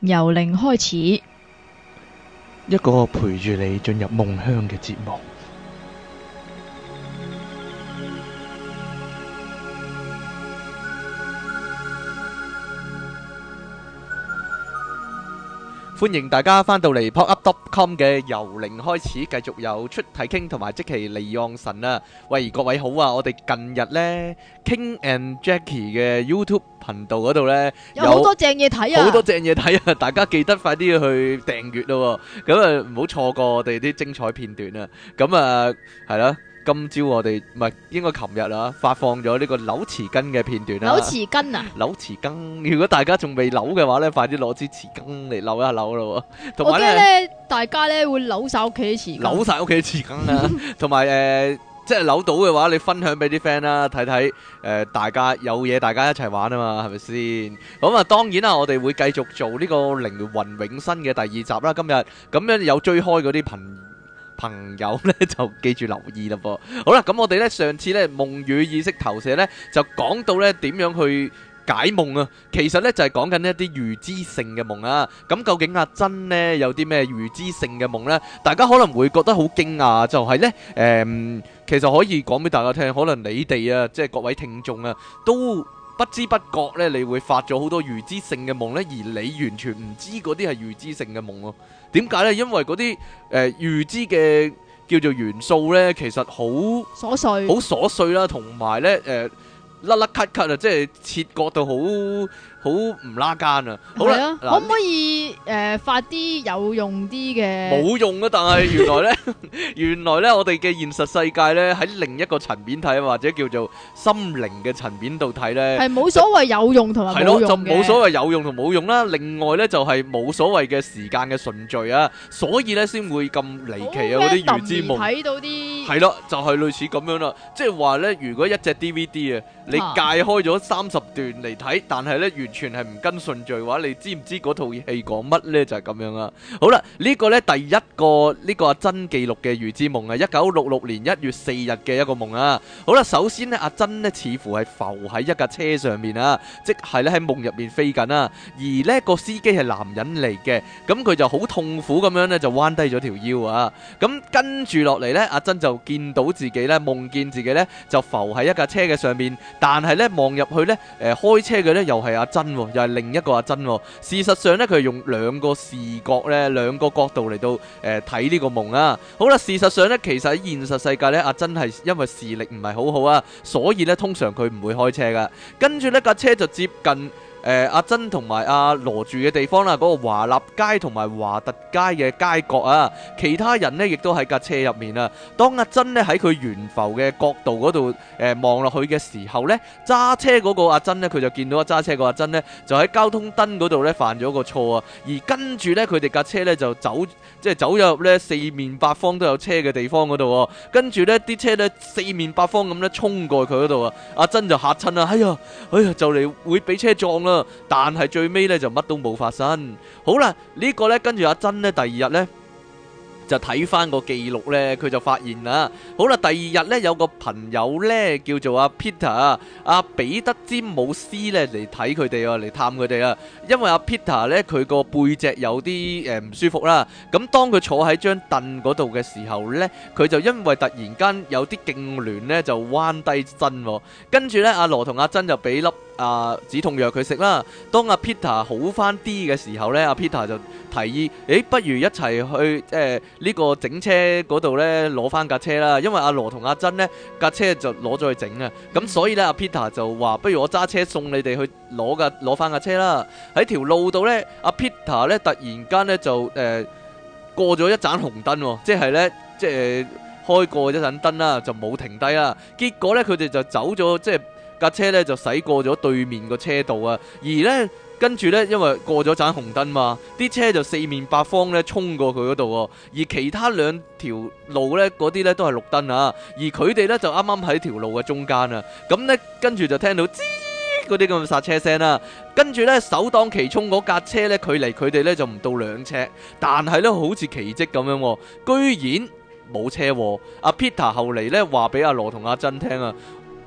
由零開始，一個陪住你進入夢鄉嘅節目。歡迎大家翻到嚟 pop up top com 嘅由零開始，繼續有出體傾同埋即期利用神啊！喂，各位好啊！我哋近日呢 King and Jackie 嘅 YouTube 頻道嗰度呢有好多正嘢睇啊！好多正嘢睇啊！大家記得快啲去訂閱咯，咁啊唔好錯過我哋啲精彩片段啊！咁啊係啦。今朝我哋唔係，應該琴日啦，發放咗呢個扭匙羹嘅片段啦。扭匙羹啊！扭匙羹，如果大家仲未扭嘅話咧，快啲攞支匙羹嚟扭一扭咯。同埋咧，大家咧會扭晒屋企匙羹。扭晒屋企匙羹啦，同埋誒，即係扭到嘅話，你分享俾啲 friend 啦，睇睇誒，大家有嘢，大家一齊玩啊嘛，係咪先？咁啊，當然啦，我哋會繼續做呢個靈魂永生嘅第二集啦。今日咁樣有追開嗰啲頻。朋友呢就記住留意啦噃，好啦，咁我哋呢上次呢夢與意識投射呢就講到呢點樣去解夢啊，其實呢就係講緊一啲預知性嘅夢啊，咁究竟阿珍呢有啲咩預知性嘅夢呢？大家可能會覺得好驚訝，就係呢，誒，其實可以講俾大家聽，可能你哋啊，即係各位聽眾啊，都。不知不覺咧，你會發咗好多預知性嘅夢咧，而你完全唔知嗰啲係預知性嘅夢咯、啊。點解咧？因為嗰啲誒預知嘅叫做元素咧，其實好瑣碎，好瑣碎啦、啊，同埋咧誒甩甩咳咳啊，即係切割到好。好唔拉間啊！好啦，可唔可以誒發啲有用啲嘅？冇用啊！但係原來咧，原來咧，我哋嘅現實世界咧，喺另一個層面睇，或者叫做心靈嘅層面度睇咧，係冇所謂有用同埋冇用嘅。係咯，就冇所謂有用同冇用啦。另外咧就係冇所謂嘅時間嘅順序啊，所以咧先會咁離奇啊！𠮶 啲預知夢。睇到啲係咯，就係類似咁樣啦。即係話咧，如果一隻 DVD 啊，你界開咗三十段嚟睇，但係咧越完全係唔跟順序嘅話，你知唔知嗰套戲講乜咧？就係咁樣啦。好啦，呢個咧第一個呢個阿珍記錄嘅預知夢啊，一九六六年一月四日嘅一個夢啊。好啦，首先咧阿珍咧似乎係浮喺一架車上面啊，即係咧喺夢入面飛緊啊。而呢個司機係男人嚟嘅，咁佢就好痛苦咁樣咧就彎低咗條腰啊。咁跟住落嚟咧，阿珍就見到自己咧夢見自己咧就浮喺一架車嘅上面，但係咧望入去咧，誒開車嘅咧又係阿珍。又係另一個阿珍，事實上呢，佢係用兩個視覺呢，兩個角度嚟到誒睇呢個夢啊。好啦，事實上呢，其實喺現實世界呢，阿珍係因為視力唔係好好啊，所以呢，通常佢唔會開車噶。跟住呢架車就接近，誒、呃，阿珍同埋阿羅住嘅地方啦，嗰個華立街同埋華特街嘅街角啊，其他人咧亦都喺架車入面啊。當阿珍咧喺佢懸浮嘅角度度誒望落去嘅時候咧，揸車個阿珍咧，佢就見到啊揸車個阿珍咧就喺交通燈度咧犯咗個錯啊。而跟住咧，佢哋架車咧就走，即、就、係、是、走入咧四面八方都有車嘅地方嗰度。跟住咧啲車咧四面八方咁咧衝過佢度啊，阿珍就吓親啊哎呀，哎呀，就嚟會俾車撞。但係最尾咧就乜都冇發生。好啦，呢、這個呢，跟住阿珍呢，第二日呢，就睇翻個記錄呢，佢就發現啊，好啦，第二日呢，有個朋友呢，叫做阿 Peter 阿、啊、彼得詹姆斯呢，嚟睇佢哋啊，嚟探佢哋啊。因為阿、啊、Peter 呢，佢個背脊有啲誒唔舒服啦。咁當佢坐喺張凳嗰度嘅時候呢，佢就因為突然間有啲痙攣呢，就彎低身。跟住呢，阿羅同阿珍就俾粒。啊止痛藥佢食啦。當阿 Peter 好翻啲嘅時候呢，阿 Peter 就提議：誒、欸，不如一齊去即呢、呃呢個整車嗰度呢，攞翻架車啦。因為阿羅同阿珍呢，架車就攞咗去整啊。咁所以呢，阿 Peter 就話：不如我揸車送你哋去攞架攞翻架車啦。喺條路度呢，阿 Peter 呢突然間呢就誒、呃、過咗一盞紅燈、哦，即係呢，即係、呃、開過一盞燈啦、啊，就冇停低啦。結果呢，佢哋就走咗，即係。架車咧就駛過咗對面個車道啊，而咧跟住咧因為過咗盞紅燈嘛，啲車就四面八方咧衝過佢嗰度喎，而其他兩條路咧嗰啲咧都係綠燈啊，而佢哋咧就啱啱喺條路嘅中間啊，咁咧跟住就聽到吱嗰啲咁嘅剎車聲啦、啊，跟住咧首當其衝嗰架車咧距離佢哋咧就唔到兩尺，但係咧好似奇蹟咁樣、啊，居然冇車禍、啊。阿 Peter 後嚟咧話俾阿羅同阿珍聽啊。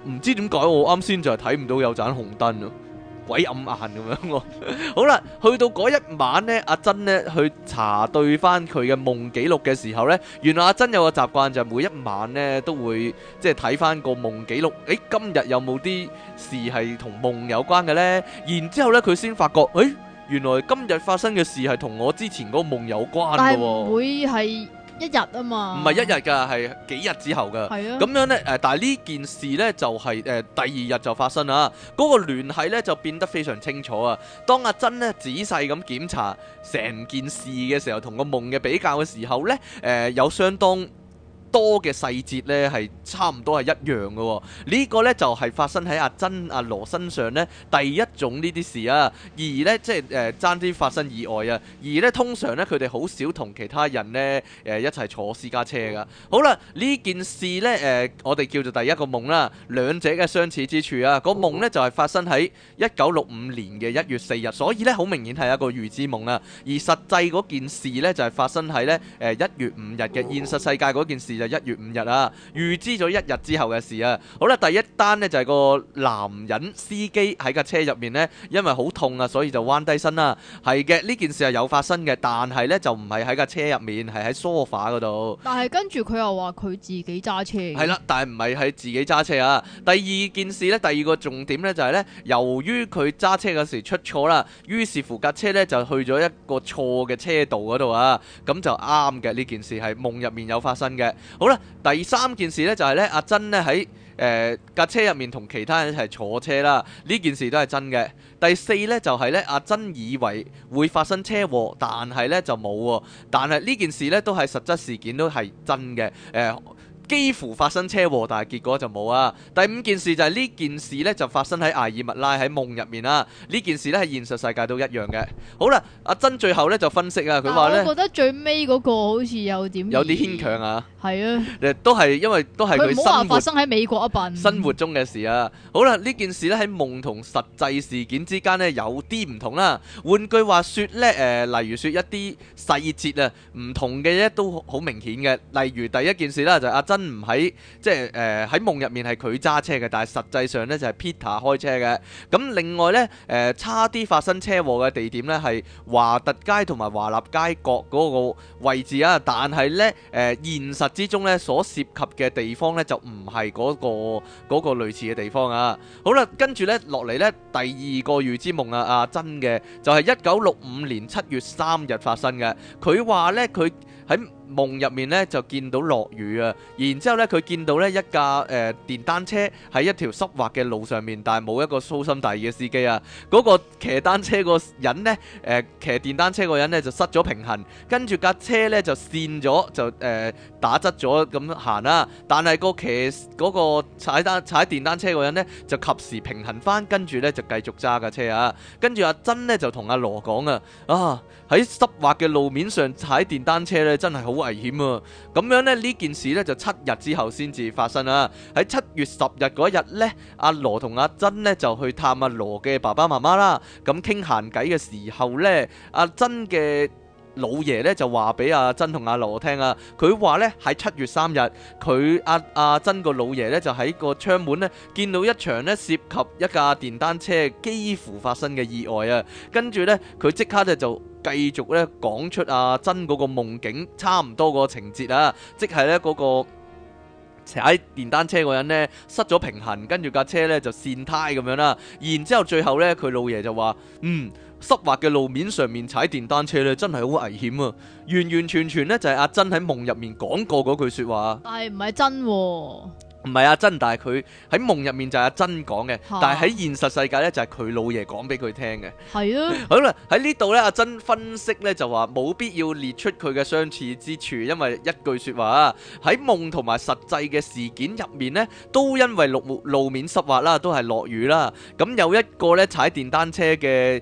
唔知點解我啱先就係睇唔到有盞紅燈啊，鬼暗眼咁樣。好啦，去到嗰一晚咧，阿珍咧去查對翻佢嘅夢記錄嘅時候咧，原來阿珍有個習慣就係每一晚咧都會即係睇翻個夢記錄。誒，今日有冇啲事係同夢有關嘅咧？然之後咧佢先發覺，誒，原來今日發生嘅事係同我之前嗰個夢有關嘅。會係。一日啊嘛，唔係一日噶，係幾日之後噶。係啊，咁樣咧，誒，但係呢件事呢，就係誒，第二日就發生喇，嗰個聯繫呢，就變得非常清楚啊。當阿珍呢，仔細咁檢查成件事嘅時候，同個夢嘅比較嘅時候呢，誒，有相當多嘅細節咧係差唔多係一樣嘅、哦，這個、呢個咧就係、是、發生喺阿珍阿羅身上咧第一種呢啲事啊，而咧即係誒爭啲發生意外啊，而咧通常咧佢哋好少同其他人咧誒、呃、一齊坐私家車噶。好啦，呢件事咧誒、呃、我哋叫做第一個夢啦，兩者嘅相似之處啊，那個夢咧就係、是、發生喺一九六五年嘅一月四日，所以咧好明顯係一個預知夢啦。而實際件事咧就係、是、發生喺咧誒一月五日嘅現實世界嗰件事。就一月五日啊，預知咗一日之後嘅事啊！好啦，第一單呢就係、是、個男人司機喺架車入面呢，因為好痛啊，所以就彎低身啦、啊。係嘅，呢件事係有發生嘅，但係呢就唔係喺架車入面，係喺 sofa 嗰度。但係跟住佢又話佢自己揸車。係啦，但係唔係喺自己揸車啊？第二件事呢，第二個重點呢就係呢，由於佢揸車嗰時出錯啦，於是乎架車呢就去咗一個錯嘅車道嗰度啊，咁就啱嘅呢件事係夢入面有發生嘅。好啦，第三件事呢就係呢，阿珍呢喺誒架車入面同其他人一齊坐車啦，呢件事都係真嘅。第四呢就係呢，阿珍以為會發生車禍，但係呢就冇喎，但係呢件事呢都係實質事件都係真嘅，誒、呃。幾乎發生車禍，但係結果就冇啊。第五件事就係呢件事呢就發生喺艾爾密拉，喺夢入面啦。呢件事呢喺現實世界都一樣嘅。好啦，阿珍最後呢就分析啊，佢話呢，我覺得最尾嗰個好似有點有啲牽強啊。係啊，都係因為都係佢生活發生喺美國一般生活中嘅事啊。好啦，呢件事呢喺夢同實際事件之間呢，有啲唔同啦。換句話說呢，誒、呃，例如說一啲細節啊唔同嘅嘢都好明顯嘅。例如第一件事啦就係阿珍。唔喺即係誒喺夢入面係佢揸車嘅，但係實際上呢就係 Peter 開車嘅。咁另外呢，誒、呃、差啲發生車禍嘅地點呢係華特街同埋華立街角嗰個位置啊，但係呢，誒、呃、現實之中呢所涉及嘅地方呢就唔係嗰個嗰、嗰個類似嘅地方啊。好啦，跟住呢落嚟呢，第二個預知夢啊，阿、啊、珍嘅就係一九六五年七月三日發生嘅。佢話呢，佢喺。夢入面咧就見到落雨啊，然之後咧佢見到咧一架誒、呃、電單車喺一條濕滑嘅路上面，但係冇一個粗心大意嘅司機啊。嗰、嗰個騎單車個人呢，誒、呃、騎電單車個人呢，就失咗平衡，跟住架車咧就跣咗，就誒、呃、打側咗咁行啦。但係個騎嗰、嗰個踩單踩電單車個人呢，就及時平衡翻，跟住咧就繼續揸架車啊。跟住阿珍呢，就同阿羅講啊，啊喺濕滑嘅路面上踩電單車咧真係好～危險啊！咁樣咧呢件事呢，就七日之後先至發生啦。喺七月十日嗰日呢，阿羅同阿珍呢，就去探阿羅嘅爸爸媽媽啦。咁傾閒偈嘅時候呢，阿珍嘅。老爺咧就話俾阿珍同阿羅聽啊，佢話咧喺七月三日，佢阿阿珍個老爺咧就喺個窗門咧見到一場咧涉及一架電單車幾乎發生嘅意外啊，跟住咧佢即刻呢就就繼續咧講出阿珍嗰個夢境差唔多個情節啊，即係咧嗰個踩電單車個人呢失咗平衡，跟住架車咧就跣胎咁樣啦，然之後最後咧佢老爺就話嗯。濕滑嘅路面上面踩電單車咧，真係好危險啊！完完全全咧就係阿珍喺夢入面講過嗰句說話，但係唔係真、啊，唔係阿珍，但係佢喺夢入面就係阿珍講嘅，啊、但係喺現實世界咧就係佢老爺講俾佢聽嘅，係啊， 好啦，喺呢度咧，阿珍分析咧就話冇必要列出佢嘅相似之處，因為一句說話啊，喺夢同埋實際嘅事件入面咧，都因為路面路面濕滑啦，都係落雨啦，咁有一個咧踩電單車嘅。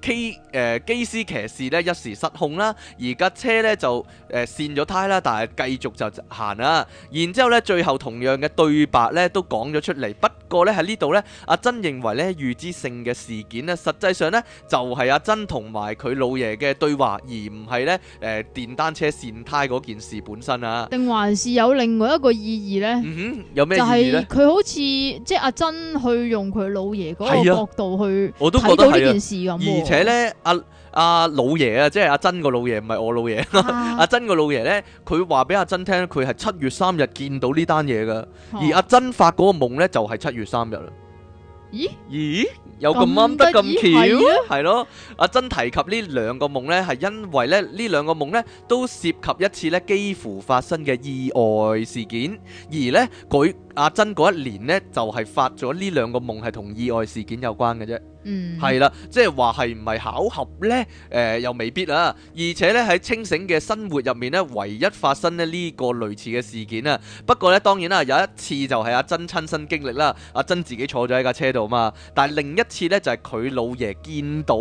機誒機師騎士呢，一時失控啦，而家車呢就誒綫咗胎啦，但係繼續就行啦。然之後呢，最後同樣嘅對白呢都講咗出嚟。不過呢，喺呢度呢，阿珍認為呢預知性嘅事件呢，實際上呢，就係、是、阿珍同埋佢老爺嘅對話，而唔係呢誒、呃、電單車綫胎嗰件事本身啊。定還是有另外一個意義呢？有咩 就係佢好似即係阿珍去用佢老爺嗰個角度去我都覺得呢件事咁而且咧，阿阿老爺，啊，即係阿珍個老爺，唔係我老爺。啊、 阿珍個老爺咧，佢話俾阿珍聽，佢係七月三日見到呢單嘢噶。啊、而阿珍發嗰個夢咧，就係、是、七月三日啦。咦？咦？有咁啱得咁巧？係 咯。阿珍提及呢兩個夢咧，係因為咧呢兩個夢咧都涉及一次咧幾乎發生嘅意外事件。而咧佢阿珍嗰一年咧，就係、是、發咗呢兩個夢，係同意外事件有關嘅啫。嗯，係啦，即係話係唔係巧合呢？誒、呃，又未必啊！而且咧，喺清醒嘅生活入面咧，唯一發生咧呢個類似嘅事件啊。不過咧，當然啦，有一次就係阿珍親身經歷啦，阿珍自己坐咗喺架車度嘛。但係另一次呢，就係、是、佢老爺見到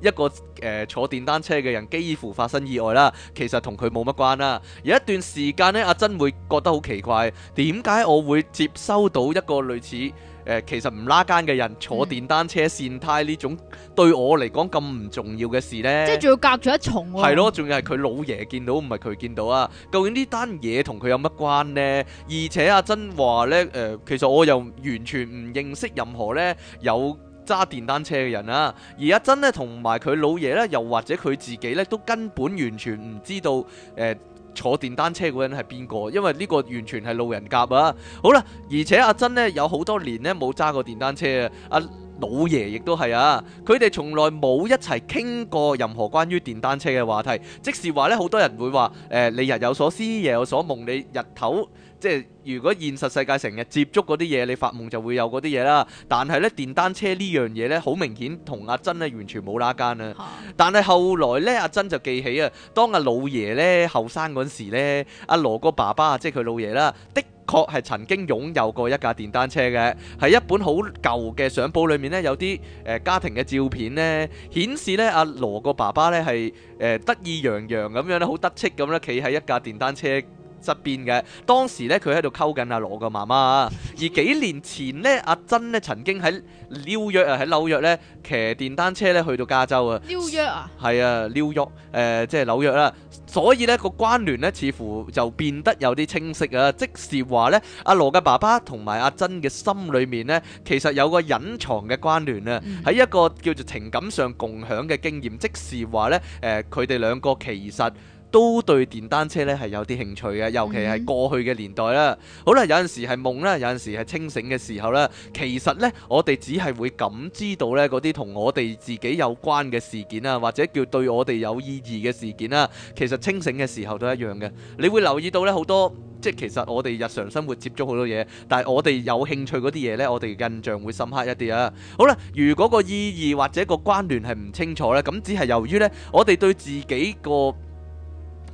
一個誒、呃、坐電單車嘅人幾乎發生意外啦，其實同佢冇乜關啦。有一段時間呢，阿珍會覺得好奇怪，點解我會接收到一個類似？誒其實唔啦更嘅人坐電單車跣胎呢種對我嚟講咁唔重要嘅事咧，即係仲要隔住一重喎。係咯，仲要係佢老爺見到，唔係佢見到啊。究竟呢單嘢同佢有乜關呢？而且阿珍話咧，誒其實我又完全唔認識任何咧有揸電單車嘅人啊。而阿珍咧同埋佢老爺咧，又或者佢自己咧，都根本完全唔知道誒。坐電單車嗰人係邊個？因為呢個完全係路人甲啊！好啦，啊，而且阿珍呢，有好多年呢冇揸過電單車啊，阿老爺亦都係啊，佢哋從來冇一齊傾過任何關於電單車嘅話題。即係話呢，好多人會話誒，呃，你日有所思，夜有所夢，你日頭。即係如果現實世界成日接觸嗰啲嘢，你發夢就會有嗰啲嘢啦。但係呢，電單車呢樣嘢呢，好明顯同阿珍咧完全冇拉間啊。但係後來呢，阿珍就記起啊，當阿老爺呢後生嗰時呢，阿羅個爸爸即係佢老爺啦，的確係曾經擁有過一架電單車嘅。喺一本好舊嘅相簿裏面呢，有啲誒、呃、家庭嘅照片呢，顯示呢阿羅個爸爸呢係誒、呃、得意洋洋咁樣咧，好得戚咁咧，企喺一架電單車。側邊嘅當時咧，佢喺度溝緊阿羅嘅媽媽啊。而幾年前呢，阿珍咧曾經喺紐,紐,紐約啊，喺紐約呢騎電單車咧去到加州啊。紐約啊？係、呃、啊，就是、紐約誒，即係紐約啦。所以呢個關聯呢，似乎就變得有啲清晰啊。即是話呢，阿羅嘅爸爸同埋阿珍嘅心裏面呢，其實有個隱藏嘅關聯啊。喺、嗯、一個叫做情感上共享嘅經驗，即是話呢，誒、呃，佢哋兩個其實。都對電單車咧係有啲興趣嘅，尤其係過去嘅年代啦。好啦，有陣時係夢啦，有陣時係清醒嘅時候啦。其實呢，我哋只係會感知到呢嗰啲同我哋自己有關嘅事件啊，或者叫對我哋有意義嘅事件啦。其實清醒嘅時候都一樣嘅。你會留意到呢好多，即係其實我哋日常生活接觸好多嘢，但係我哋有興趣嗰啲嘢呢，我哋印象會深刻一啲啊。好啦，如果個意義或者個關聯係唔清楚咧，咁只係由於呢，我哋對自己個。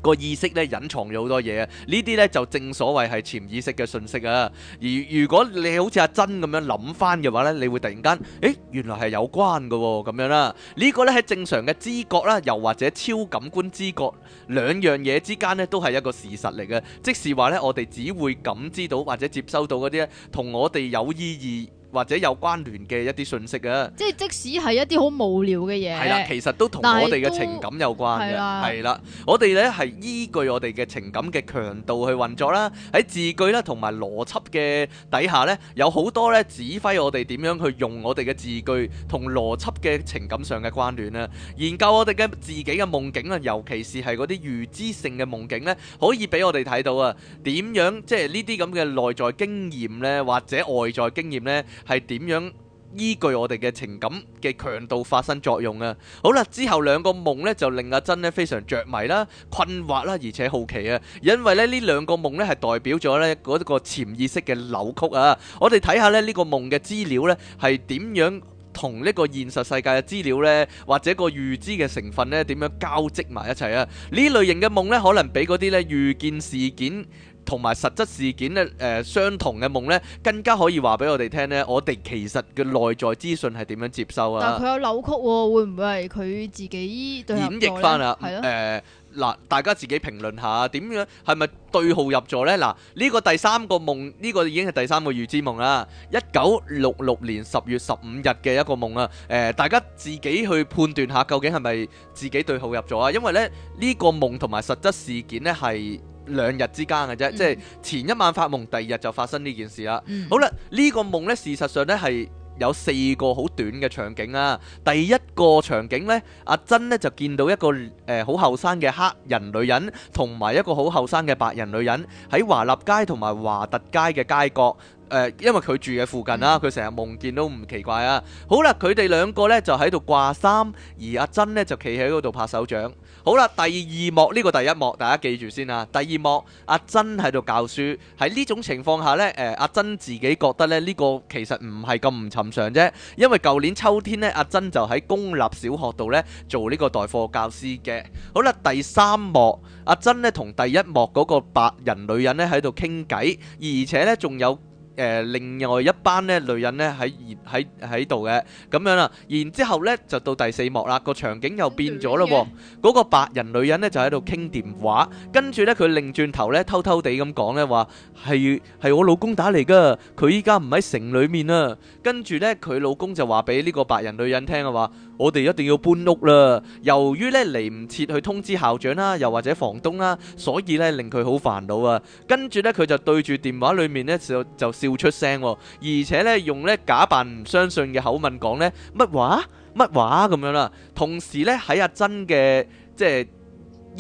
個意識咧隱藏咗好多嘢啊！呢啲咧就正所謂係潛意識嘅信息啊。而如果你好似阿珍咁樣諗翻嘅話咧，你會突然間，誒原來係有關嘅喎咁樣啦。呢、這個咧喺正常嘅知覺啦，又或者超感官知覺兩樣嘢之間呢都係一個事實嚟嘅。即係話咧，我哋只會感知到或者接收到嗰啲咧，同我哋有意義。或者有關聯嘅一啲信息啊，即係即使係一啲好無聊嘅嘢，係啦，其實都同我哋嘅情感有關嘅，係啦，啊，我哋咧係依據我哋嘅情感嘅強度去運作啦，喺字句咧同埋邏輯嘅底下咧，有好多咧指揮我哋點樣去用我哋嘅字句同邏輯嘅情感上嘅關聯啦。研究我哋嘅自己嘅夢境啊，尤其是係嗰啲預知性嘅夢境咧，可以俾我哋睇到啊，點樣即係呢啲咁嘅內在經驗咧，或者外在經驗咧，係點樣依據我哋嘅情感嘅強度發生作用啊？好啦，之後兩個夢呢，就令阿珍咧非常着迷啦、困惑啦，而且好奇啊，因為咧呢兩個夢呢，係代表咗呢一個潛意識嘅扭曲啊。我哋睇下咧呢個夢嘅資料呢，係點樣同呢個現實世界嘅資料呢，或者個預知嘅成分呢，點樣交織埋一齊啊？呢類型嘅夢呢，可能比嗰啲呢預見事件。同埋實質事件咧，誒、呃、相同嘅夢呢，更加可以話俾我哋聽呢，我哋其實嘅內在資訊係點樣接收啊？但佢有扭曲喎、哦，會唔會係佢自己演繹翻啊，誒嗱了、呃，大家自己評論下點樣，係咪對號入座呢？嗱，呢、呢個第三個夢，呢、呢個已經係第三個預知夢啦，一九六六年十月十五日嘅一個夢啊，誒、呃、大家自己去判斷下，究竟係咪自己對號入座啊？因為咧，呢、呢個夢同埋實質事件呢係。兩日之間嘅啫，嗯、即係前一晚發夢，第二日就發生呢件事啦。嗯、好啦，呢、呢個夢呢，事實上呢係有四個好短嘅場景啊。第一個場景呢，阿珍呢就見到一個誒好後生嘅黑人女人，同埋一個好後生嘅白人女人喺華立街同埋華特街嘅街角誒、呃，因為佢住嘅附近啦、啊，佢成日夢見都唔奇怪啊。好啦，佢哋兩個呢就喺度掛衫，而阿珍呢就企喺嗰度拍手掌。好啦，第二幕呢、呢個第一幕，大家記住先啊。第二幕阿珍喺度教書，喺呢種情況下呢，誒阿珍自己覺得咧呢個其實唔係咁唔尋常啫，因為舊年秋天呢，阿珍就喺公立小學度呢做呢個代課教師嘅。好啦，第三幕阿珍呢同第一幕嗰個白人女人呢喺度傾偈，而且呢仲有，誒另外一班咧女人咧喺喺喺度嘅咁樣啦，然之後咧就到第四幕啦，個場景又變咗咯喎，嗰個白人女人咧就喺度傾電話，跟住咧佢擰轉頭咧偷偷哋咁講咧話係係我老公打嚟噶，佢依家唔喺城裡面啊，跟住咧佢老公就話俾呢個白人女人聽啊話，我哋一定要搬屋啦，由於咧嚟唔切去通知校長啦，又或者房東啦，所以咧令佢好煩惱啊，跟住咧佢就對住電話裡面咧就就笑。叫出聲，而且咧用咧假扮唔相信嘅口吻講咧乜話乜話咁樣啦，同時咧喺阿珍嘅即係，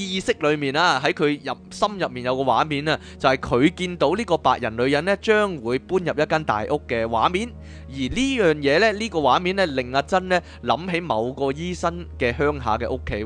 意識裏面啊，喺佢入心入面有個畫面啊，就係佢見到呢個白人女人呢將會搬入一間大屋嘅畫面。而呢樣嘢呢，呢個畫面呢令阿珍呢諗起某個醫生嘅鄉下嘅屋企。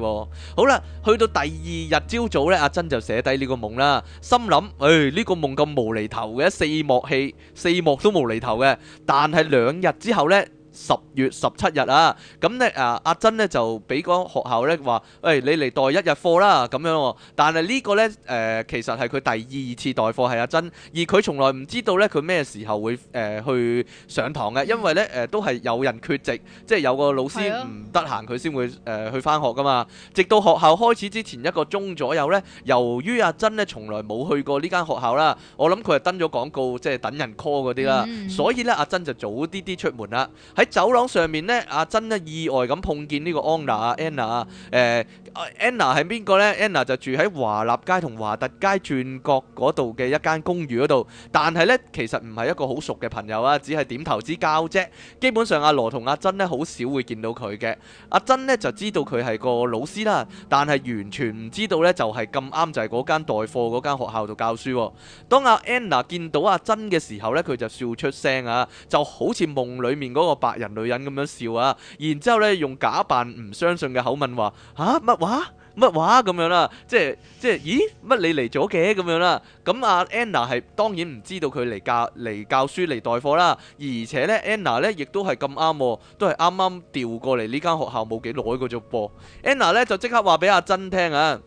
好啦，去到第二日朝早呢，阿珍就寫低呢個夢啦，心諗誒，呢個夢咁無厘頭嘅？四幕戲，四幕都無厘頭嘅。但係兩日之後呢。十月十七日啊，咁呢啊阿珍呢就俾嗰學校呢話，喂，哎，你嚟代一日課啦，咁樣。但係呢個呢，誒、呃，其實係佢第二次代課係阿珍，而佢從來唔知道呢，佢咩時候會誒、呃、去上堂嘅，因為呢誒、呃、都係有人缺席，即係有個老師唔得閒，佢先會誒去返學㗎嘛。直到學校開始之前一個鐘左右呢，由於阿、啊、珍呢從來冇去過呢間學校啦，我諗佢係登咗廣告即係等人 call 嗰啲啦，嗯、所以呢，阿、啊、珍就早啲啲出門啦。喺走廊上面咧，阿珍啊意外咁碰見 Honor, Anna、欸、呢個安娜啊，Anna 啊，誒，Anna 係邊個咧？Anna 就住喺華立街同華達街轉角度嘅一間公寓度，但係咧其實唔係一個好熟嘅朋友啊，只係點頭之交啫。基本上阿羅同阿珍咧好少會見到佢嘅。阿珍咧就知道佢係個老師啦，但係完全唔知道咧就係咁啱就係嗰間代課嗰間學校度教書。當阿 Anna 見到阿珍嘅時候咧，佢就笑出聲啊，就好似夢裏面嗰個白。白人女人咁樣笑啊，然之後咧用假扮唔相信嘅口吻話：吓乜話，乜話咁樣啦，即係即係咦乜你嚟咗嘅咁樣啦？咁阿 Anna 係當然唔知道佢嚟教嚟教書嚟代課啦，而且咧 Anna 咧亦都係咁啱，都係啱啱調過嚟呢間學校冇幾耐嘅啫噃。Anna 咧就即刻話俾阿珍聽啊，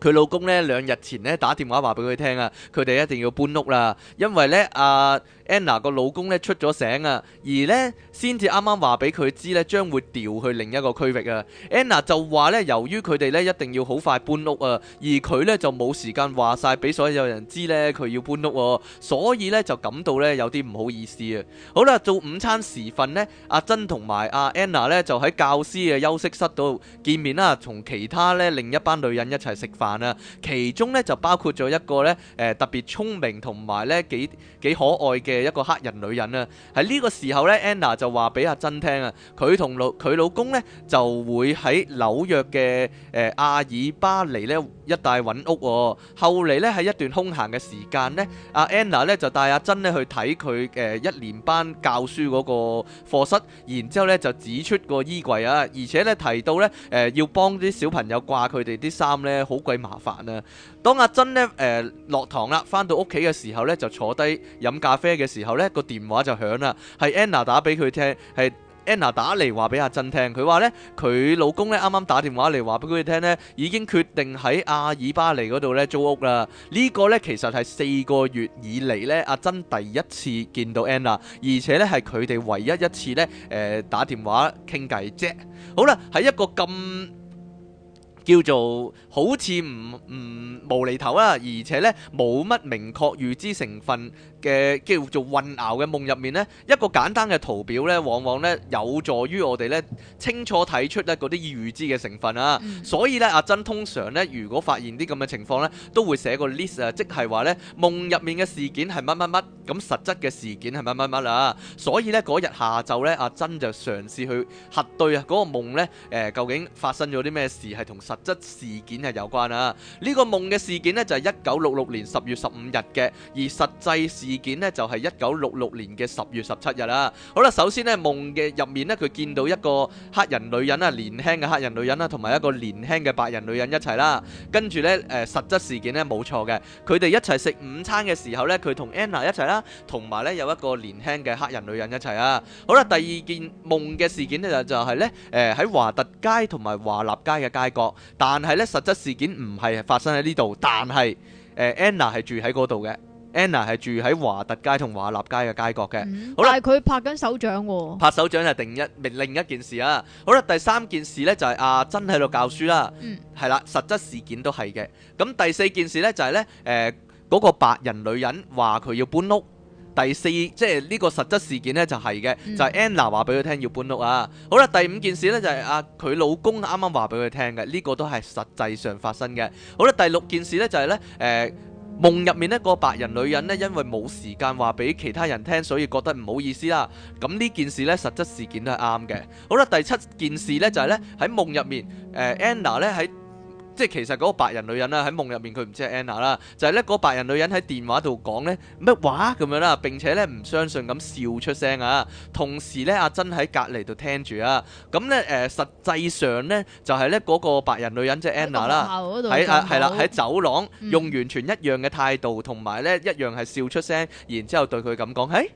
佢老公咧兩日前咧打電話話俾佢聽啊，佢哋一定要搬屋啦，因為咧阿。Anna 個老公咧出咗醒啊，而咧先至啱啱話俾佢知咧將會調去另一個區域啊。Anna 就話咧，由於佢哋咧一定要好快搬屋啊，而佢咧就冇時間話晒俾所有人知咧佢要搬屋，所以咧就感到咧有啲唔好意思啊。好啦，做午餐時分咧，阿珍同埋阿 Anna 咧就喺教師嘅休息室度見面啦，同其他咧另一班女人一齊食飯啊，其中咧就包括咗一個咧誒特別聰明同埋咧幾幾可愛嘅。一個黑人女人啦，喺呢個時候咧，Anna 就話俾阿珍聽啊，佢同老佢老公咧就會喺紐約嘅誒阿爾巴尼咧一帶揾屋。後嚟咧喺一段空閒嘅時間咧，阿 Anna 咧就帶阿珍咧去睇佢誒一年班教書嗰個課室，然之後咧就指出個衣櫃啊，而且咧提到咧誒要幫啲小朋友掛佢哋啲衫咧，好鬼麻煩啊！當阿珍咧，誒、呃、落堂啦，翻到屋企嘅時候咧，就坐低飲咖啡嘅時候咧，個電話就響啦，係 Anna 打俾佢聽，係 Anna 打嚟話俾阿珍聽，佢話咧佢老公咧啱啱打電話嚟話俾佢聽咧，已經決定喺阿爾巴尼嗰度咧租屋啦。這個、呢個咧其實係四個月以嚟咧，阿珍第一次見到 Anna，而且咧係佢哋唯一一次咧，誒、呃、打電話傾偈啫。好啦，喺一個咁。叫做好似唔唔無厘頭啦，而且咧冇乜明確預知成分嘅、叫做混淆嘅夢入面咧，一個簡單嘅圖表咧，往往咧有助於我哋咧清楚睇出咧啲預知嘅成分啊。所以咧，阿珍通常咧，如果發現啲咁嘅情況咧，都會寫個 list 啊，即係話咧夢入面嘅事件係乜乜乜，咁實質嘅事件係乜乜乜啊，所以咧嗰日下晝咧，阿珍就嘗試去核對啊個夢夢咧誒、呃、究竟發生咗啲咩事係同實質事件係有關啊！呢個夢嘅事件呢，就係一九六六年十月十五日嘅，而實際事件呢，就係一九六六年嘅十月十七日啦。好啦，首先呢，夢嘅入面呢，佢見到一個黑人女人啊，年輕嘅黑人女人啦，同埋一個年輕嘅白人女人一齊啦。跟住呢，誒實質事件呢，冇錯嘅，佢哋一齊食午餐嘅時候呢，佢同 Anna 一齊啦，同埋呢，有一個年輕嘅黑人女人一齊啊。好啦，第二件夢嘅事件呢，就就係咧誒喺華特街同埋華立街嘅街角。但係咧，實質事件唔係發生喺呢度，但係誒、呃、Anna 係住喺嗰度嘅，Anna 係住喺華特街同華立街嘅街角嘅。嗯、好啦，佢拍緊手掌喎，拍手掌就、哦、另一另一件事啊。好啦，第三件事咧就係阿珍喺度教書啦，係、嗯、啦，實質事件都係嘅。咁、嗯、第四件事咧就係咧誒嗰個白人女人話佢要搬屋。第四即係呢個實質事件咧就係嘅，就係 Anna 話俾佢聽要搬屋啊！好啦，第五件事咧就係、是、啊佢老公啱啱話俾佢聽嘅，呢、這個都係實際上發生嘅。好啦，第六件事咧就係咧誒夢入面嗰個白人女人咧，因為冇時間話俾其他人聽，所以覺得唔好意思啦。咁呢件事咧實質事件都係啱嘅。好啦，第七件事咧就係咧喺夢入面誒、呃、Anna 咧喺。即係其實嗰個白人女人啦、啊，喺夢入面佢唔知係 Anna 啦，就係咧嗰個白人女人喺電話度講咧乜話咁樣啦，並且咧唔相信咁笑出聲啊，同時咧阿珍喺隔離度聽住啊，咁咧誒實際上咧就係咧嗰個白人女人即係 Anna 啦，喺係、啊、啦喺走廊用完全一樣嘅態度同埋咧一樣係笑出聲，然之後對佢咁講，誒、哎。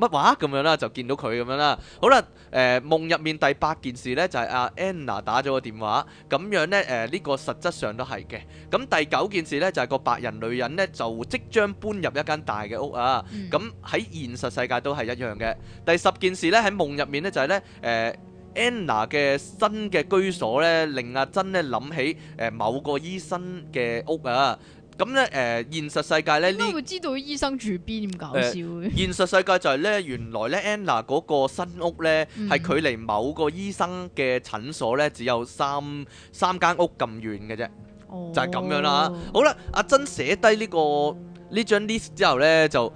乜話咁樣啦，就見到佢咁樣啦。好啦，誒、呃、夢入面第八件事呢，就係、是、阿 Anna 打咗個電話，咁樣呢，誒、呃、呢、這個實質上都係嘅。咁第九件事呢，就係、是、個白人女人呢，就即將搬入一間大嘅屋啊。咁喺、嗯、現實世界都係一樣嘅。第十件事呢，喺夢入面呢，就係、是、呢誒、呃、Anna 嘅新嘅居所呢，令阿珍呢諗起誒、呃、某個醫生嘅屋啊。咁咧，誒現實世界咧，應該會知道醫生住邊，咁搞笑嘅。現實世界就係咧，原來咧 Anna 嗰個新屋咧，係距離某個醫生嘅診所咧，只有三三間屋咁遠嘅啫。就係咁樣啦嚇。好啦，阿珍寫低呢個呢張 list 之後咧，就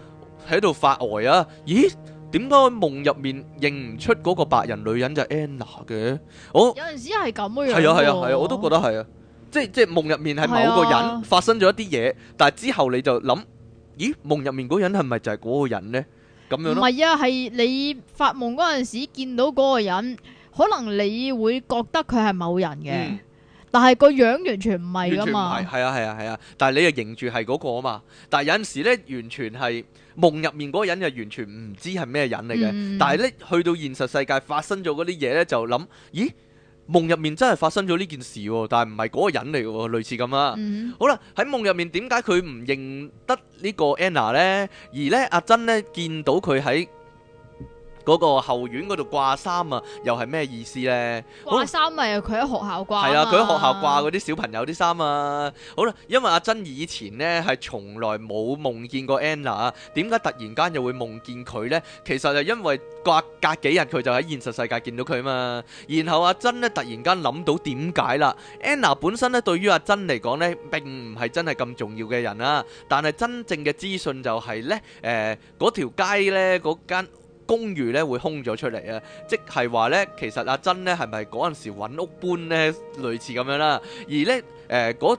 喺度發呆啊。咦？點解夢入面認唔出嗰個白人女人就係 Anna 嘅？我有陣時係咁嘅樣。係啊係啊係啊，我都覺得係啊。即係即係夢入面係某個人、啊、發生咗一啲嘢，但係之後你就諗，咦？夢入面嗰個人係咪就係嗰個人呢？咁樣咯，係啊，係你發夢嗰陣時見到嗰個人，可能你會覺得佢係某人嘅，嗯、但係個樣完全唔係噶嘛，係啊係啊係啊，但係你又認住係嗰個啊嘛，但係有陣時咧完全係夢入面嗰個人就完全唔知係咩人嚟嘅，嗯、但係呢，去到現實世界發生咗嗰啲嘢呢，就諗，咦？夢入面真係發生咗呢件事喎，但係唔係嗰個人嚟嘅喎，類似咁啦。嗯、好啦，喺夢入面點解佢唔認得呢個 Anna 咧？而咧阿珍咧見到佢喺嗰個後院嗰度掛衫啊，又係咩意思呢？掛衫咪佢喺學校掛啊。係啊，佢喺學校掛嗰啲小朋友啲衫啊。好啦，因為阿珍以前呢係從來冇夢見過 Anna，點解突然間又會夢見佢呢？其實就因為隔隔幾日佢就喺現實世界見到佢啊嘛。然後阿珍呢突然間諗到點解啦？Anna 本身呢對於阿珍嚟講呢並唔係真係咁重要嘅人啊，但係真正嘅資訊就係呢，誒、呃、嗰條街呢嗰間。公寓咧會空咗出嚟啊，即係話咧，其實阿珍咧係咪嗰陣時揾屋搬咧，類似咁樣啦，而咧誒嗰，呃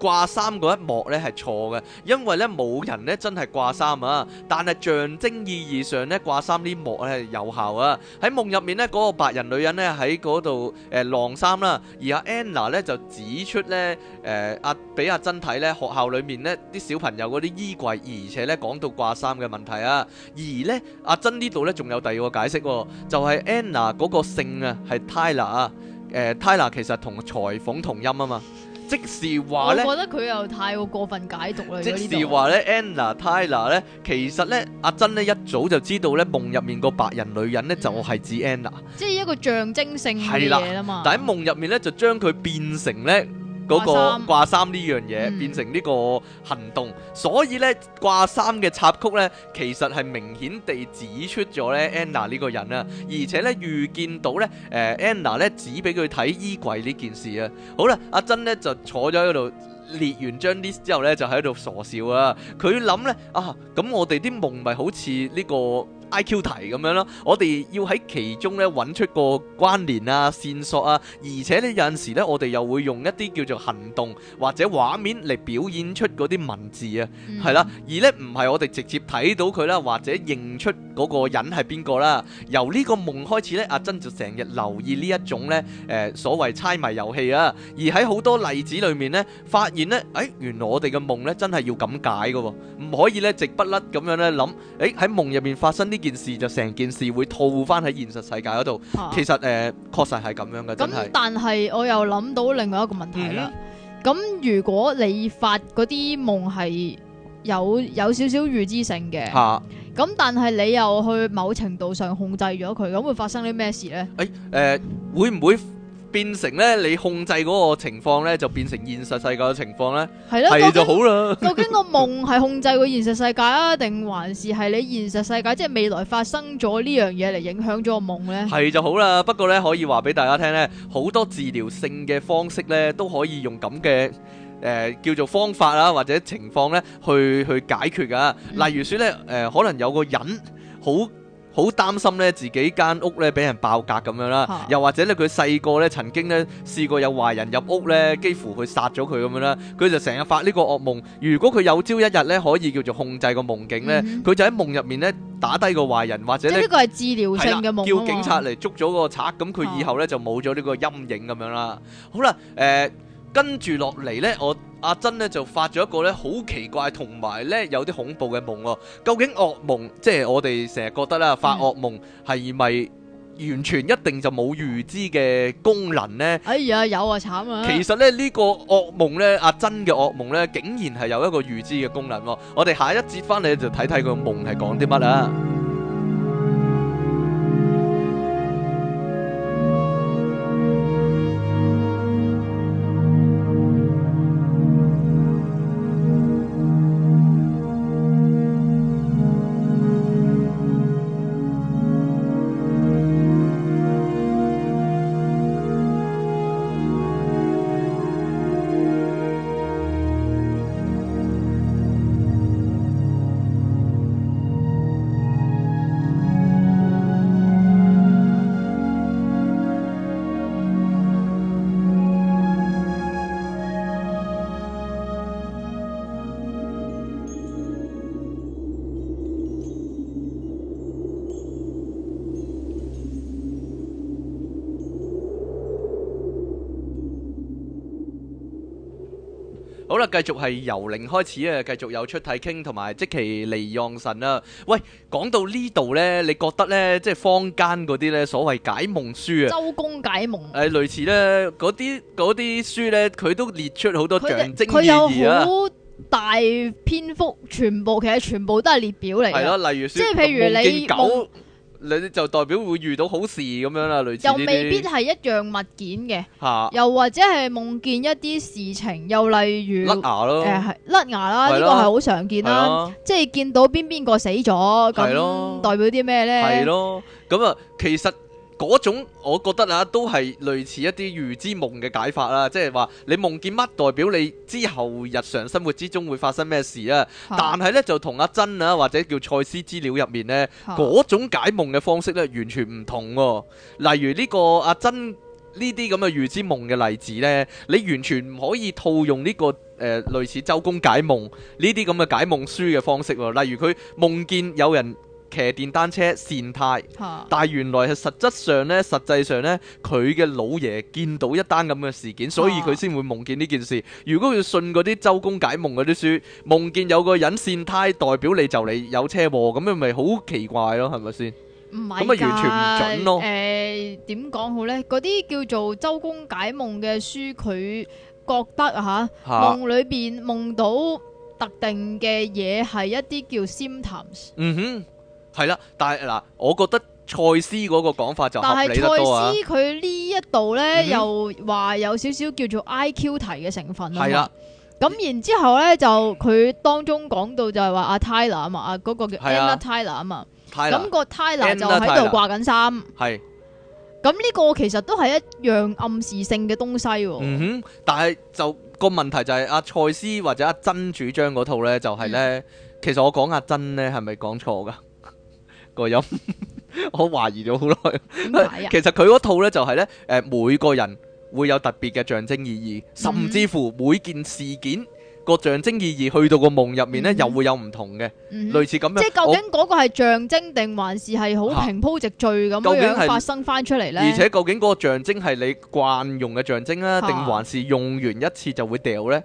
掛衫嗰一幕咧係錯嘅，因為咧冇人咧真係掛衫啊！但係象徵意義上咧掛衫呢幕咧係有效啊！喺夢入面咧嗰、那個白人女人咧喺嗰度誒晾衫啦，而阿 Anna 咧就指出咧誒阿俾阿珍睇咧學校裏面咧啲小朋友嗰啲衣櫃，而且咧講到掛衫嘅問題啊，而咧阿珍呢度咧仲有第二個解釋喎，就係、是、Anna 嗰個姓啊係 Tyler 啊，誒 Tyler 其實同裁縫同音啊嘛。即是話咧，我覺得佢又太過過分解讀啦。即是話咧 ，Anna、Tyler 咧，其實咧，阿珍咧一早就知道咧，夢入面個白人女人咧就係、是、指 Anna，即係一個象徵性嘅嘢啦嘛。但喺夢入面咧，就將佢變成咧。嗰個掛衫呢樣嘢、嗯、變成呢個行動，所以呢掛衫嘅插曲呢，其實係明顯地指出咗呢 Anna 呢個人啊。而且呢，預見到呢，誒、呃、Anna 呢指俾佢睇衣櫃呢件事啊，好啦，阿珍呢就坐咗喺度列完張 list 之後呢，就喺度傻笑啊，佢諗呢：啊「啊咁我哋啲夢咪好似呢、呢個。I.Q. 題咁樣咯，我哋要喺其中咧揾出個關聯啊、線索啊，而且咧有陣時咧，我哋又會用一啲叫做行動或者畫面嚟表演出啲文字啊，係、嗯、啦，而咧唔係我哋直接睇到佢啦，或者認出個人係邊個啦。由呢個夢開始咧，阿珍就成日留意呢一種咧，誒、呃、所謂猜謎遊戲啊。而喺好多例子裏面咧，發現咧，誒、哎、原來我哋嘅夢咧真係要咁解嘅喎、啊，唔可以咧直不甩咁樣咧諗，誒喺夢入面發生啲。件事就成件事會套翻喺現實世界嗰度，啊、其實誒呃、確實係咁樣嘅，真係。咁但係我又諗到另外一個問題啦。咁、嗯、如果你發嗰啲夢係有有少少預知性嘅，咁、啊、但係你又去某程度上控制咗佢，咁會發生啲咩事咧？誒誒、哎呃，會唔會？變成咧，你控制嗰個情況咧，就變成現實世界嘅情況咧，係咯啦，係就好啦。究竟個夢係控制個現實世界啊，定 還是係你現實世界，即、就、係、是、未來發生咗呢樣嘢，嚟影響咗個夢咧？係就好啦。不過咧，可以話俾大家聽咧，好多治療性嘅方式咧，都可以用咁嘅誒叫做方法啦、啊，或者情況咧去去解決噶、啊。例如說咧，誒、嗯呃，可能有個人好。好擔心咧，自己間屋咧俾人爆格咁樣啦，又或者咧佢細個咧曾經咧試過有壞人入屋咧，幾乎去殺咗佢咁樣啦，佢就成日發呢個噩夢。如果佢有朝一日咧可以叫做控制個夢境咧，佢、嗯、就喺夢入面咧打低個壞人或者咧呢個係治療性嘅夢，叫警察嚟捉咗個賊，咁佢、嗯、以後咧就冇咗呢個陰影咁樣啦。好啦，誒、呃。跟住落嚟呢，我阿珍呢就發咗一個呢好奇怪同埋呢有啲恐怖嘅夢喎。究竟惡夢即係我哋成日覺得啦，嗯、發惡夢係咪完全一定就冇預知嘅功能呢？哎呀，有啊，慘啊！其實呢，呢、呢個惡夢呢，阿珍嘅惡夢呢，竟然係有一個預知嘅功能。我哋下一節翻嚟就睇睇個夢係講啲乜啦。繼續係由零開始啊！繼續有出體傾同埋即其離讓神啦、啊。喂，講到呢度呢，你覺得呢？即係坊間嗰啲呢所謂解夢書啊，周公解夢，誒類似呢嗰啲啲書呢，佢都列出好多象徵佢、啊、有好大篇幅，全部其實全部都係列表嚟。係咯、啊，例如，即係譬如你見你就代表會遇到好事咁樣啦，類似又未必係一樣物件嘅，啊、又或者係夢見一啲事情，又例如甩牙咯，誒係甩牙啦，呢、啊、個係好常見啦，啊、即係見到邊邊個死咗，咁、啊、代表啲咩咧？係咯、啊，咁啊其實。嗰種我覺得啊，都係類似一啲預知夢嘅解法啦，即係話你夢見乜代表你之後日常生活之中會發生咩事啊？嗯、但係呢，就同阿珍啊或者叫賽斯資料入面呢，嗰、嗯、種解夢嘅方式呢，完全唔同喎、哦。例如呢個阿珍呢啲咁嘅預知夢嘅例子呢，你完全唔可以套用呢、呢個誒、呃、類似周公解夢呢啲咁嘅解夢書嘅方式喎、哦。例如佢夢見有人。騎電單車跣胎，啊、但係原來係實質上呢，實際上呢，佢嘅老爺見到一單咁嘅事件，所以佢先會夢見呢件事。如果佢信嗰啲周公解夢嗰啲書，夢見有個人跣胎，代表你就嚟有車禍咁樣，咪好、嗯、奇怪咯？係咪先？唔係咁啊，完全唔準咯。誒、啊，點、呃、講好呢？嗰啲叫做周公解夢嘅書，佢覺得吓夢、啊啊、裏邊夢到特定嘅嘢係一啲叫 symptoms。嗯哼。係啦，但係嗱，我覺得蔡司嗰個講法就合理得多、啊、但係蔡司佢呢一度咧，嗯、哼又話有少少叫做 I Q 題嘅成分係啦。咁、嗯、哼然之後咧，就佢當中講到就係話阿 Tyler 啊嘛，阿嗰個叫 Enda Tyler 啊嘛。咁個 Tyler 就喺度掛緊衫。係、嗯哼。咁呢個其實都係一樣暗示性嘅東西、啊。嗯哼。但係就個問題就係阿、啊、蔡司或者阿曾主張嗰套咧，就係咧，其實我講阿曾咧係咪講錯噶？個音我懷疑咗好耐，其實佢嗰套咧就係咧，誒，每個人會有特別嘅象徵意義，甚至乎每件事件個象徵意義去到個夢入面咧，又會有唔同嘅，類似咁樣。即係究竟嗰個係象徵定還是係好平鋪直敘咁樣發生翻出嚟咧？而且究竟嗰個象徵係你慣用嘅象徵啦，定還是用完一次就會掉咧？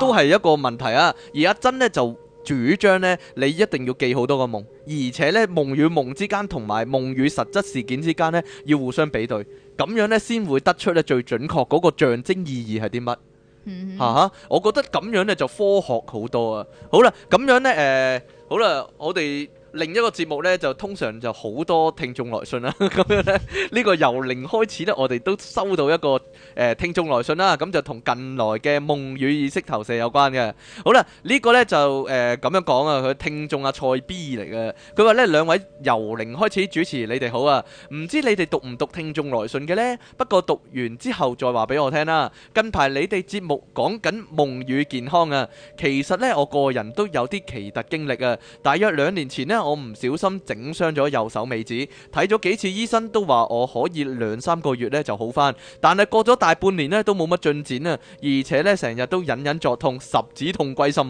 都係一個問題啊！而家真咧就。主張呢，你一定要記好多個夢，而且呢，夢與夢之間，同埋夢與實質事件之間呢，要互相比對，咁樣呢，先會得出呢最準確嗰個象徵意義係啲乜嚇嚇。Mm-hmm. Uh-huh, 我覺得咁樣呢，就科學好多啊！好啦，咁樣呢，誒、呃，好啦，我哋。另一個節目呢，就通常就好多聽眾來信啦，咁樣呢，呢個由零開始呢，我哋都收到一個誒聽眾來信啦，咁就同近來嘅夢與意識投射有關嘅。好啦，呢個呢就誒咁樣講啊，佢聽眾阿蔡 B 嚟嘅，佢話呢，兩位由零開始主持，你哋好啊，唔知你哋讀唔讀聽眾來信嘅呢？不過讀完之後再話俾我聽啦。近排你哋節目講緊夢與健康啊，其實呢我個人都有啲奇特經歷啊，大約兩年前呢。我唔小心整傷咗右手尾指，睇咗幾次醫生都話我可以兩三個月咧就好返，但係過咗大半年咧都冇乜進展啊，而且咧成日都隱隱作痛，十指痛歸心。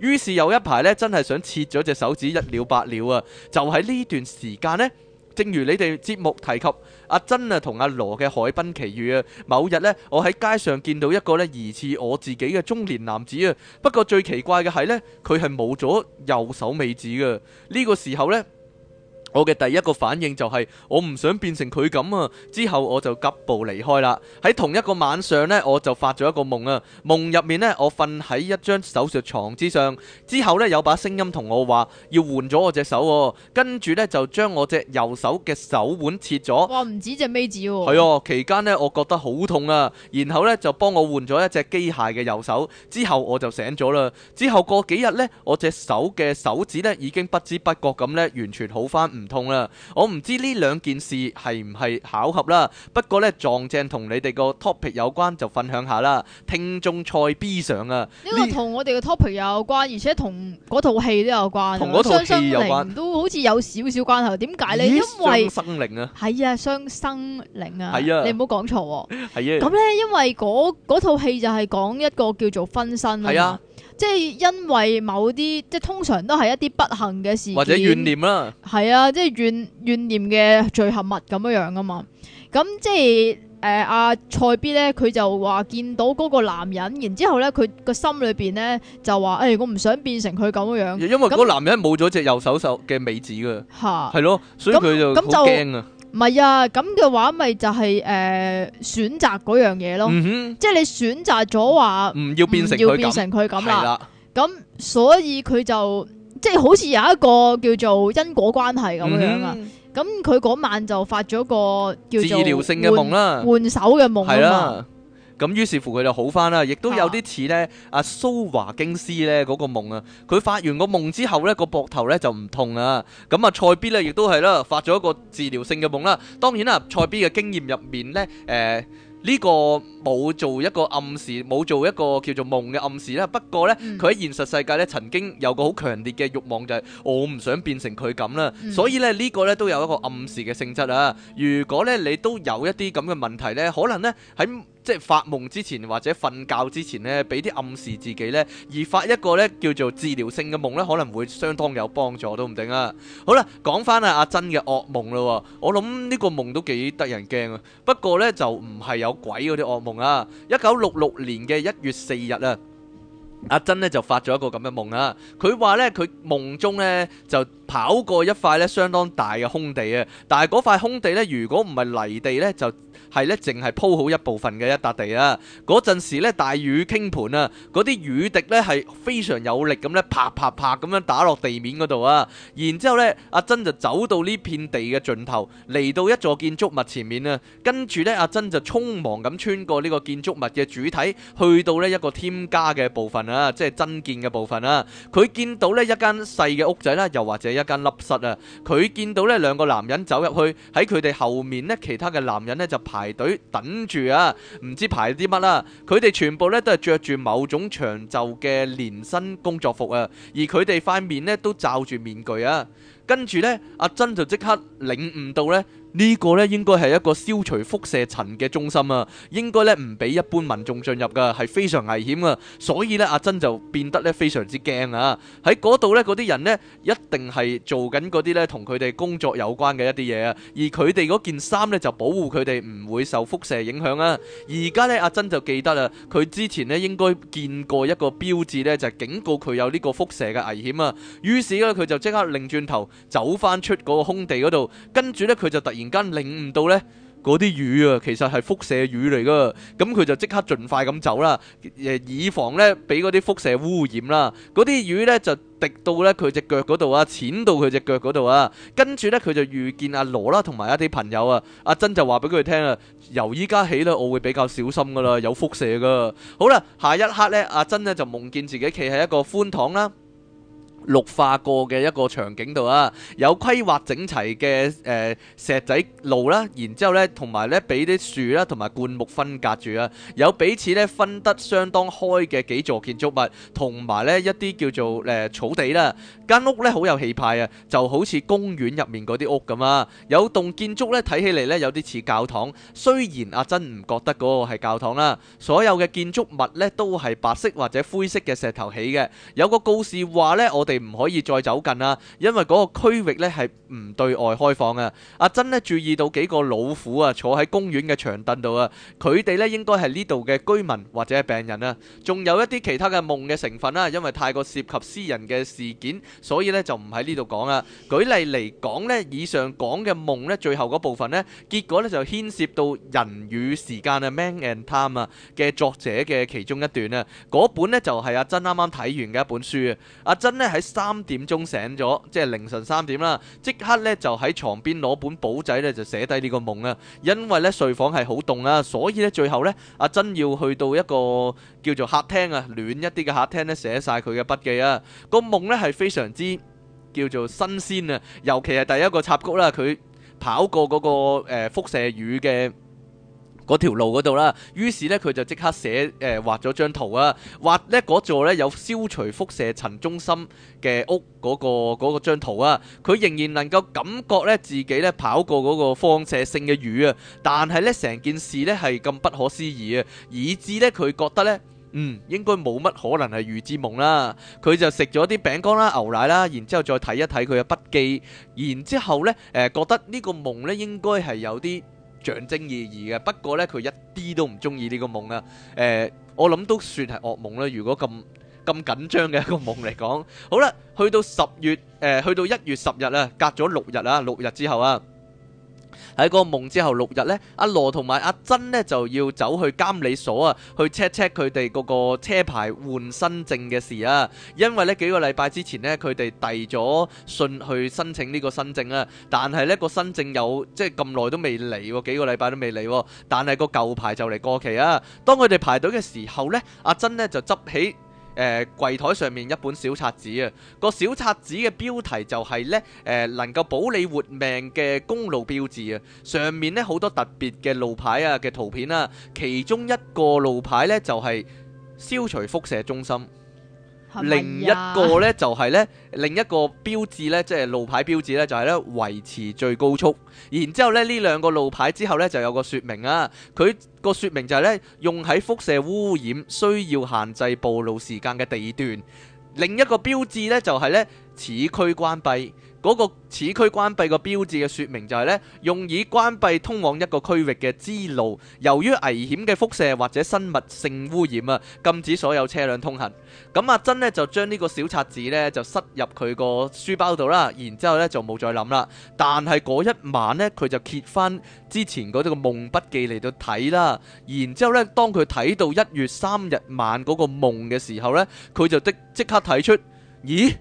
於是有一排咧真係想切咗隻手指一了百了啊！就喺呢段時間咧。正如你哋節目提及，阿珍啊同阿羅嘅《海濱奇遇》啊，某日咧，我喺街上見到一個咧疑似我自己嘅中年男子啊，不過最奇怪嘅係咧，佢係冇咗右手尾指嘅，呢個時候呢。我嘅第一個反應就係我唔想變成佢咁啊！之後我就急步離開啦。喺同一個晚上呢，我就發咗一個夢啊。夢入面呢，我瞓喺一張手術床之上，之後呢，有把聲音同我話要換咗我隻手，跟住呢，就將我隻右手嘅手腕切咗。哇！唔止隻尾指喎。係哦，期間呢，我覺得好痛啊，然後呢，就幫我換咗一隻機械嘅右手。之後我就醒咗啦。之後過幾日呢，我隻手嘅手指呢，已經不知不覺咁呢，完全好返。唔痛啦，我唔知呢兩件事係唔係巧合啦。不過呢，撞正同你哋個 topic 有關，就分享下啦。聽眾賽 B 上啊，呢個同我哋個 topic 有關，而且同嗰套戲都有關，同嗰套雙生靈都好似有少少關係。點解呢？因為雙生靈啊，係啊，雙生靈啊，係啊，你唔好講錯喎。係啊，咁呢，因為嗰套戲就係講一個叫做分身啊。即係因為某啲，即係通常都係一啲不幸嘅事或者怨念啦，係啊，即係怨怨念嘅聚合物咁樣樣噶嘛。咁即係誒阿蔡 B 咧，佢就話見到嗰個男人，然之後咧佢個心裏邊咧就話，誒、哎、我唔想變成佢咁樣。因為嗰男人冇咗隻右手手嘅尾指噶，係咯那，所以佢就好驚啊。唔係啊，咁嘅話咪就係誒選擇嗰樣嘢咯，嗯哼，即係你選擇咗話唔要變成佢，要變成佢咁啦。咁是的所以佢就即係好似有一個叫做因果關係咁樣啊。咁佢嗰晚就發咗個叫做換、治療性嘅夢啦，換手嘅夢啦。咁於是乎佢就好返啦，亦都有啲似呢阿、啊啊、蘇華京斯呢嗰、那個夢啊！佢發完個夢之後呢，個膊頭呢就唔痛啊塞！咁啊，蔡 B 呢亦都係啦，發咗一個治療性嘅夢啦。當然啦、啊，蔡 B 嘅經驗入面呢，誒、呃、呢、這個冇做一個暗示，冇做一個叫做夢嘅暗示啦。不過呢，佢喺、嗯、現實世界呢曾經有個好強烈嘅慾望，就係、是、我唔想變成佢咁啦。嗯、所以呢，呢、這個呢都有一個暗示嘅性質啊！如果呢，你都有一啲咁嘅問題呢，可能呢，喺即係發夢之前或者瞓覺之前呢，俾啲暗示自己呢，而發一個呢叫做治療性嘅夢呢，可能會相當有幫助都唔定啊。好啦，講翻阿阿珍嘅噩夢咯，我諗呢個夢都幾得人驚啊。不過呢就唔係有鬼嗰啲噩夢啊。一九六六年嘅一月四日啊，阿珍呢就發咗一個咁嘅夢啊。佢話呢佢夢中呢就跑過一塊呢相當大嘅空地啊，但係嗰塊空地呢如果唔係泥地呢就。係咧，淨係鋪好一部分嘅一笪地啊。嗰陣時咧，大雨傾盆啊。嗰啲雨滴咧係非常有力咁咧，啪啪啪咁樣打落地面嗰度啊。然之後咧，阿珍就走到呢片地嘅盡頭，嚟到一座建築物前面啊。跟住咧，阿珍就匆忙咁穿過呢個建築物嘅主體，去到呢一個添加嘅部分啊，即係增建嘅部分啊。佢見到呢一間細嘅屋仔啦，又或者一間凹室啊。佢見到呢兩個男人走入去，喺佢哋後面呢，其他嘅男人呢就。排隊等住啊，唔知排啲乜啦。佢哋全部咧都係着住某種長袖嘅連身工作服啊，而佢哋塊面咧都罩住面具啊。跟住呢，阿珍就即刻領悟到呢。呢個咧應該係一個消除輻射塵嘅中心啊，應該咧唔俾一般民眾進入噶，係非常危險啊！所以咧，阿珍就變得咧非常之驚啊！喺嗰度咧，嗰啲人咧一定係做緊嗰啲咧同佢哋工作有關嘅一啲嘢啊，而佢哋嗰件衫咧就保護佢哋唔會受輻射影響啊！而家咧，阿珍就記得啊，佢之前咧應該見過一個標誌咧，就警告佢有呢個輻射嘅危險啊！於是咧，佢就即刻擰轉頭走翻出嗰個空地嗰度，跟住咧佢就突然突然間領悟到呢，嗰啲魚啊，其實係輻射魚嚟噶，咁佢就即刻盡快咁走啦，以防呢俾嗰啲輻射污染啦。嗰啲魚呢就滴到呢佢隻腳嗰度啊，淺到佢隻腳嗰度啊，跟住呢，佢就遇見阿羅啦，同埋一啲朋友啊，阿珍就話俾佢聽啊，由依家起咧，我會比較小心噶啦，有輻射噶。好啦，下一刻呢，阿珍呢就夢見自己企喺一個寬敞啦。綠化過嘅一個場景度啊，有規劃整齊嘅誒石仔路啦，然之後咧同埋咧俾啲樹啦同埋灌木分隔住啊，有彼此咧分得相當開嘅幾座建築物，同埋咧一啲叫做誒、呃、草地啦。間屋咧好有氣派啊，就好似公園入面啲屋咁啊。有棟建築咧睇起嚟咧有啲似教堂，雖然阿珍唔覺得個係教堂啦。所有嘅建築物咧都係白色或者灰色嘅石頭起嘅，有個告示話咧我哋。唔可以再走近啦，因為嗰個區域咧係唔對外開放啊。阿珍咧注意到幾個老虎啊，坐喺公園嘅長凳度啊。佢哋咧應該係呢度嘅居民或者係病人啊。仲有一啲其他嘅夢嘅成分啦，因為太過涉及私人嘅事件，所以咧就唔喺呢度講啦。舉例嚟講咧，以上講嘅夢咧，最後嗰部分咧，結果咧就牽涉到人與時間啊 （man and time） 啊嘅作者嘅其中一段啊。嗰本咧就係阿珍啱啱睇完嘅一本書啊。阿珍咧喺。三點鐘醒咗，即係凌晨三點啦，即刻呢就喺床邊攞本簿仔呢就寫低呢個夢啊。因為呢睡房係好凍啦，所以呢最後呢阿珍要去到一個叫做客廳啊，暖一啲嘅客廳呢寫晒佢嘅筆記啊。個夢呢係非常之叫做新鮮啊，尤其係第一個插曲啦，佢跑過嗰個誒輻射雨嘅。嗰條路嗰度啦，於是呢，佢就即刻寫誒、呃、畫咗張圖啊，畫呢座呢，有消除輻射塵中心嘅屋嗰、嗰個嗰個張圖啊，佢仍然能夠感覺呢，自己呢跑過嗰個放射性嘅雨啊，但係呢，成件事呢係咁不可思議啊，以致呢，佢覺得呢，嗯，應該冇乜可能係預知夢啦，佢就食咗啲餅乾啦、牛奶啦，然之後再睇一睇佢嘅筆記，然之後呢，誒、呃、覺得呢個夢呢應該係有啲。象徵意義嘅，不過呢，佢一啲都唔中意呢個夢啊！誒、呃，我諗都算係噩夢啦。如果咁咁緊張嘅一個夢嚟講， 好啦，去到十月誒、呃，去到一月十日啊，隔咗六日啊，六日之後啊。喺嗰個夢之後六日呢，阿羅同埋阿珍呢就要走去監理所啊，去 check check 佢哋嗰個車牌換新證嘅事啊。因為呢幾個禮拜之前呢，佢哋遞咗信去申請呢個新證啊。但係呢個新證有，即係咁耐都未嚟喎，幾個禮拜都未嚟喎。但係個舊牌就嚟過期啊。當佢哋排隊嘅時候呢，阿珍呢就執起，誒、呃、櫃台上面一本小冊子啊，個小冊子嘅標題就係咧，誒能夠保你活命嘅公路標誌啊，上面咧好多特別嘅路牌啊嘅圖片啦、啊，其中一個路牌咧就係消除輻射中心。另一個呢，就係呢，另一個標誌呢，即係路牌標誌呢，就係呢維持最高速。然之後咧，呢兩個路牌之後呢，就有個說明啊，佢個說明就係呢，用喺輻射污染需要限制暴露時間嘅地段。另一個標誌呢，就係呢，此區關閉。嗰個此區關閉個標誌嘅説明就係呢：用以關閉通往一個區域嘅支路，由於危險嘅輻射或者生物性污染啊，禁止所有車輛通行。咁阿珍呢，就將呢個小冊子呢，就塞入佢個書包度啦，然之後呢，就冇再諗啦。但係嗰一晚呢，佢就揭翻之前嗰啲個夢筆記嚟到睇啦。然之後呢，當佢睇到一月三日晚嗰個夢嘅時候呢，佢就即即刻睇出，咦？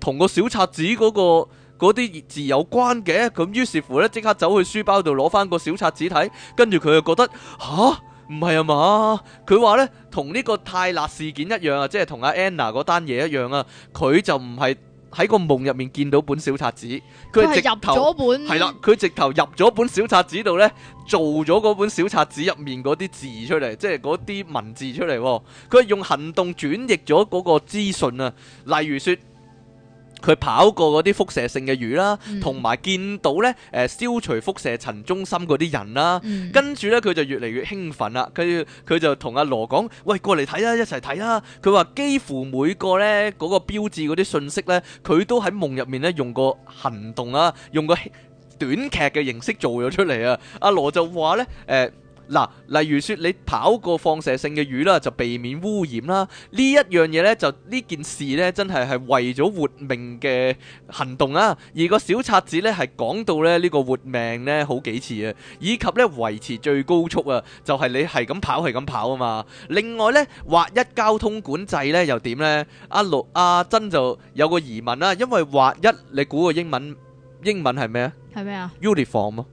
同個小冊子嗰個嗰啲字有關嘅，咁於是乎呢，即刻走去書包度攞翻個小冊子睇，跟住佢就覺得吓？唔係啊嘛！佢話呢，同呢個泰勒事件一樣啊，即係同阿 Anna 嗰單嘢一樣啊，佢就唔係喺個夢入面見到本小冊子，佢係入咗本，係啦，佢直頭入咗本小冊子度呢，做咗嗰本小冊子入面嗰啲字出嚟，即係嗰啲文字出嚟喎，佢係用行動轉譯咗嗰個資訊啊，例如說。佢跑過嗰啲輻射性嘅魚啦，同埋、嗯、見到咧誒、呃、消除輻射層中心嗰啲人啦，嗯、跟住咧佢就越嚟越興奮啊！跟住佢就同阿羅講：喂，過嚟睇啦，一齊睇啦！佢話幾乎每個咧嗰、嗰個標誌嗰啲信息咧，佢都喺夢入面咧用個行動啊，用個短劇嘅形式做咗出嚟啊！阿羅就話咧誒。呃嗱，例如說你跑過放射性嘅魚啦，就避免污染啦。呢一樣嘢呢，就呢件事呢，真係係為咗活命嘅行動啊。而個小冊子呢，係講到呢呢個活命呢好幾次啊，以及呢維持最高速啊，就係你係咁跑係咁跑啊嘛。另外呢，劃一交通管制呢，又點呢？阿陸阿真就有個疑問啦，因為劃一你估個英文英文係咩啊？係咩啊？Uniform。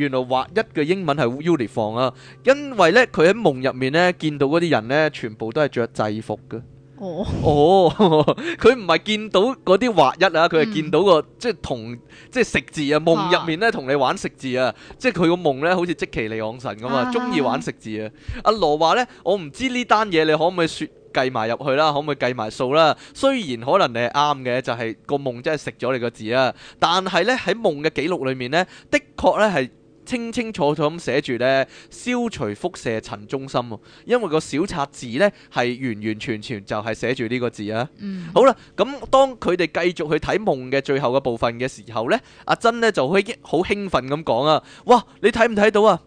原來畫一嘅英文係 uniform 啊，因為咧佢喺夢入面咧見到嗰啲人咧，全部都係著制服嘅。哦哦，佢唔係見到嗰啲畫一啊，佢係見到個即係同即係食字啊。夢入面咧同你玩食字啊，即係佢個夢咧好似即其利昂神咁啊，中意玩食字啊。阿羅話咧，我唔知呢單嘢你可唔可以算計埋入去啦，可唔可以計埋數啦？雖然可能你係啱嘅，就係個夢真係食咗你個字啊，但係咧喺夢嘅記錄裏面咧，的確咧係。清清楚楚咁寫住呢，消除輻射塵中心。哦，因為個小冊字呢係完完全全就係寫住呢個字啊！嗯、好啦，咁當佢哋繼續去睇夢嘅最後嘅部分嘅時候呢，阿珍呢就已經好興奮咁講啊！哇，你睇唔睇到啊？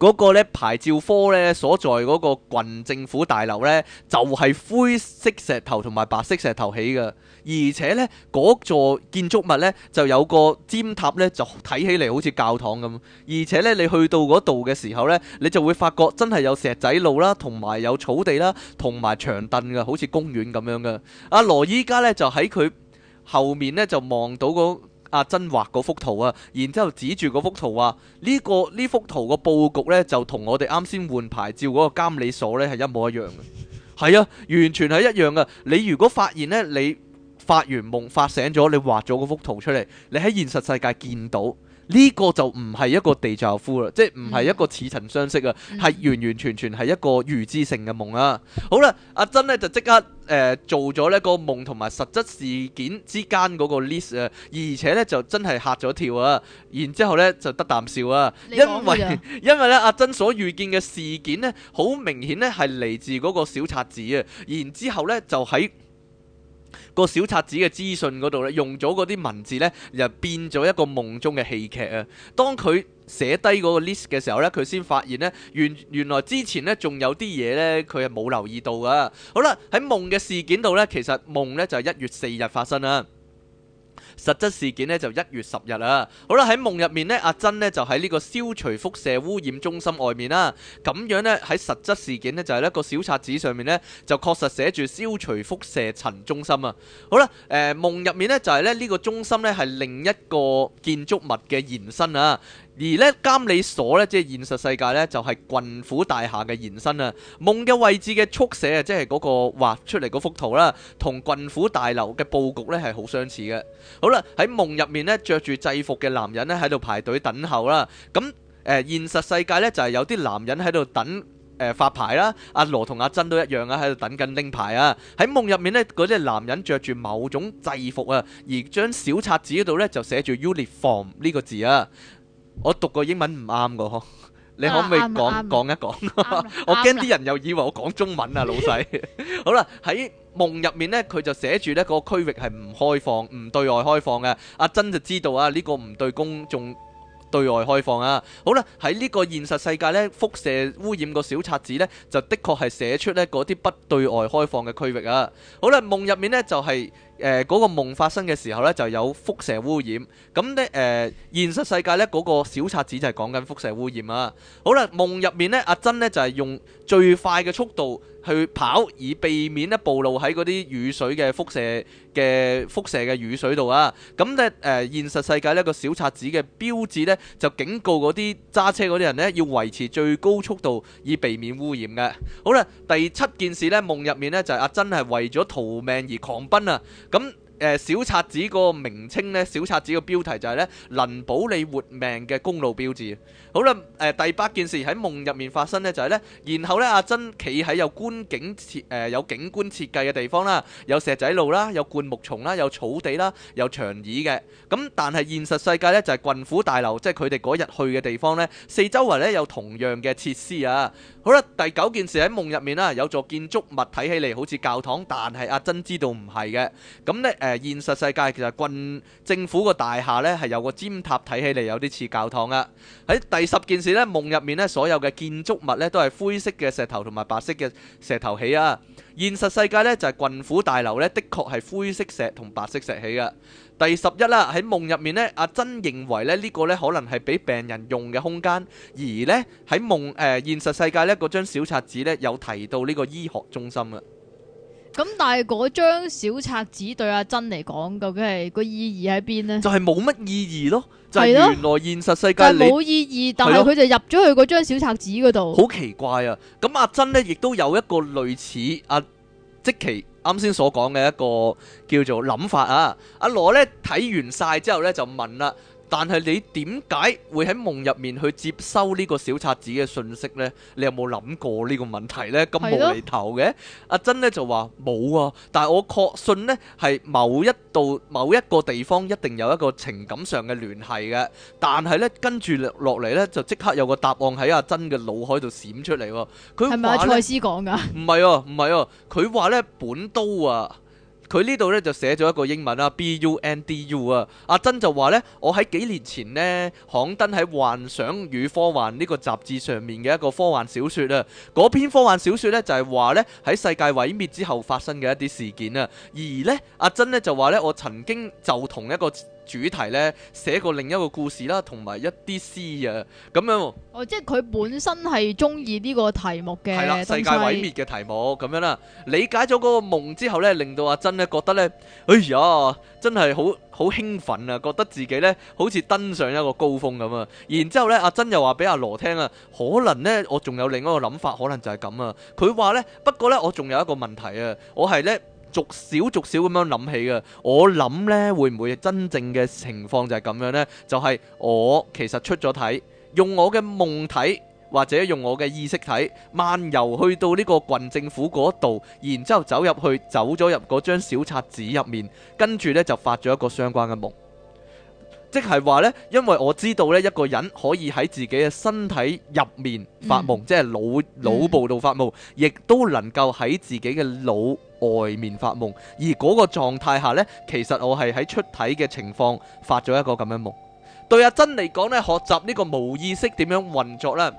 嗰個咧牌照科咧所在嗰個郡政府大樓咧，就係、是、灰色石頭同埋白色石頭起嘅，而且咧嗰座建築物咧就有個尖塔咧，就睇起嚟好似教堂咁。而且咧你去到嗰度嘅時候咧，你就會發覺真係有石仔路啦，同埋有草地啦，同埋長凳嘅，好似公園咁樣嘅。阿羅依家咧就喺佢後面咧就望到、個。阿珍、啊、畫嗰幅圖啊，然之後指住嗰幅圖啊。呢、呢個呢幅圖個佈局呢，就同我哋啱先換牌照嗰個監理所呢，係一模一樣嘅，係啊，完全係一樣嘅。你如果發現呢，你發完夢發醒咗，你畫咗嗰幅圖出嚟，你喺現實世界見到。呢個就唔係一個地藏夫啦，即係唔係一個似曾相識啊，係、嗯、完完全全係一個預知性嘅夢啊！好啦，阿珍呢就即刻誒、呃、做咗呢個夢同埋實質事件之間嗰個 list 啊，而且呢就真係嚇咗跳啊，然之後呢就得啖笑啊，因為因為呢阿珍所預見嘅事件呢，好明顯呢係嚟自嗰個小冊子啊，然之後呢，就喺個小冊子嘅資訊嗰度咧，用咗嗰啲文字咧，就變咗一個夢中嘅戲劇啊！當佢寫低嗰個 list 嘅時候咧，佢先發現咧，原原來之前咧仲有啲嘢咧，佢係冇留意到噶。好啦，喺夢嘅事件度咧，其實夢咧就係一月四日發生啦。實質事件呢，就一月十日啦，好啦喺夢入面呢，阿珍呢，就喺呢個消除輻射污染中心外面啦，咁樣呢，喺實質事件呢，就係呢個小冊子上面呢，就確實寫住消除輻射塵中心啊，好啦，誒、呃、夢入面呢，就係呢呢個中心呢，係另一個建築物嘅延伸啊。而呢監理所呢，即係現實世界呢，就係郡府大廈嘅延伸啊。夢嘅位置嘅速寫啊，即係嗰個畫出嚟嗰幅圖啦，同郡府大樓嘅佈局呢係好相似嘅。好啦，喺夢入面呢，着住制服嘅男人呢喺度排隊等候啦。咁誒，現實世界呢，就係有啲男人喺度等誒發牌啦。阿羅同阿珍都一樣啊，喺度等緊拎牌啊。喺夢入面呢，嗰啲男人着住某種制服啊，而將小冊子嗰度呢，就寫住 uniform 呢個字啊。我讀個英文唔啱個，你可唔可以講講、啊、講一講？ 我驚啲人又以為我講中文啊，老細。 好啦，喺夢入面呢，佢就寫住呢個區域係唔開放、唔對外開放嘅。阿、啊、珍就知道啊，呢、這個唔對公眾對外開放啊。好啦，喺呢個現實世界呢，輻射污染個小冊子呢，就的確係寫出呢嗰啲不對外開放嘅區域啊。好啦，夢入面呢，就係、是。誒嗰個夢發生嘅時候呢，就有輻射污染。咁呢，誒，現實世界呢，嗰個小冊子就係講緊輻射污染啊。好啦，夢入面呢，阿珍呢，就係用最快嘅速度去跑，以避免呢暴露喺嗰啲雨水嘅輻射嘅輻射嘅雨水度啊。咁呢，誒，現實世界呢個小冊子嘅標誌呢，就警告嗰啲揸車嗰啲人呢，要維持最高速度，以避免污染嘅。好啦，第七件事呢，夢入面呢，就係阿珍係為咗逃命而狂奔啊！咁。誒、呃，小冊子個名稱呢，小冊子個標題就係呢：「能保你活命嘅公路標誌」。好啦，誒、呃，第八件事喺夢入面發生呢，就係、是、呢。然後呢，阿珍企喺有觀景設誒有景觀設計嘅地方啦，有石仔路啦，有灌木叢啦，有草地啦，有長椅嘅。咁、嗯、但係現實世界呢，就係郡府大樓，即係佢哋嗰日去嘅地方呢。四周圍呢，有同樣嘅設施啊。好啦，第九件事喺夢入面啦，有座建築物睇起嚟好似教堂，但係阿珍知道唔係嘅。咁、嗯、呢。誒、呃。誒、呃，現實世界其實郡政府個大廈呢，係有個尖塔，睇起嚟，有啲似教堂啦。喺第十件事呢，夢入面呢，所有嘅建築物呢都係灰色嘅石頭同埋白色嘅石頭起啊。現實世界呢就係郡府大樓呢，的確係灰色石同白色石起噶。第十一啦，喺夢入面呢，阿珍認為咧呢個呢可能係俾病人用嘅空間，而呢，喺夢誒現實世界呢，嗰張小冊子呢有提到呢個醫學中心啊。咁、嗯、但係嗰張小冊子對阿珍嚟講，究竟係個意義喺邊呢？就係冇乜意義咯，就係、是、原來現實世界冇意義，但係佢就入咗去嗰張小冊子嗰度、嗯。好奇怪啊！咁阿珍呢亦都有一個類似阿積、啊、奇啱先所講嘅一個叫做諗法啊！阿、啊、羅呢睇完晒之後呢，就問啦。但係你點解會喺夢入面去接收呢個小冊子嘅信息呢？你有冇諗過呢個問題呢？咁無厘頭嘅，對哦、阿珍呢就話冇啊，但係我確信呢係某一度某一個地方一定有一個情感上嘅聯繫嘅。但係呢，跟住落嚟呢，就即刻有個答案喺阿珍嘅腦海度閃出嚟。佢係咪阿賽斯講㗎？唔係哦，唔係哦，佢話、啊、呢本都啊。佢呢度咧就寫咗一個英文啊，b u n d u 啊，阿珍就話咧，我喺幾年前呢，刊登喺幻想與科幻呢個雜誌上面嘅一個科幻小説啊，嗰篇科幻小説咧就係話咧喺世界毀滅之後發生嘅一啲事件啊，而咧阿珍咧就話咧，我曾經就同一個，主題呢，寫過另一個故事啦，同埋一啲詩啊，咁樣哦，即係佢本身係中意呢個題目嘅，係啦，世界毀滅嘅題目咁樣啦。理解咗嗰個夢之後呢，令到阿珍呢覺得呢，哎呀，真係好好興奮啊！覺得自己呢好似登上一個高峰咁啊。然之後呢，阿珍又話俾阿羅聽啊，可能呢，我仲有另一個諗法，可能就係咁啊。佢話呢，不過呢，我仲有一個問題啊，我係呢。逐少逐少咁樣諗起嘅，我諗呢會唔會真正嘅情況就係咁樣呢？就係我其實出咗體，用我嘅夢睇或者用我嘅意識睇，漫遊去到呢個郡政府嗰度，然之後走入去，走咗入嗰張小冊子入面，跟住呢就發咗一個相關嘅夢。即係話呢，因為我知道呢，一個人可以喺自己嘅身體入面發夢，嗯、即係腦腦部度發夢，亦都能夠喺自己嘅腦外面發夢。而嗰個狀態下呢，其實我係喺出體嘅情況發咗一個咁樣夢。對阿珍嚟講呢，學習呢個無意識點樣運作呢。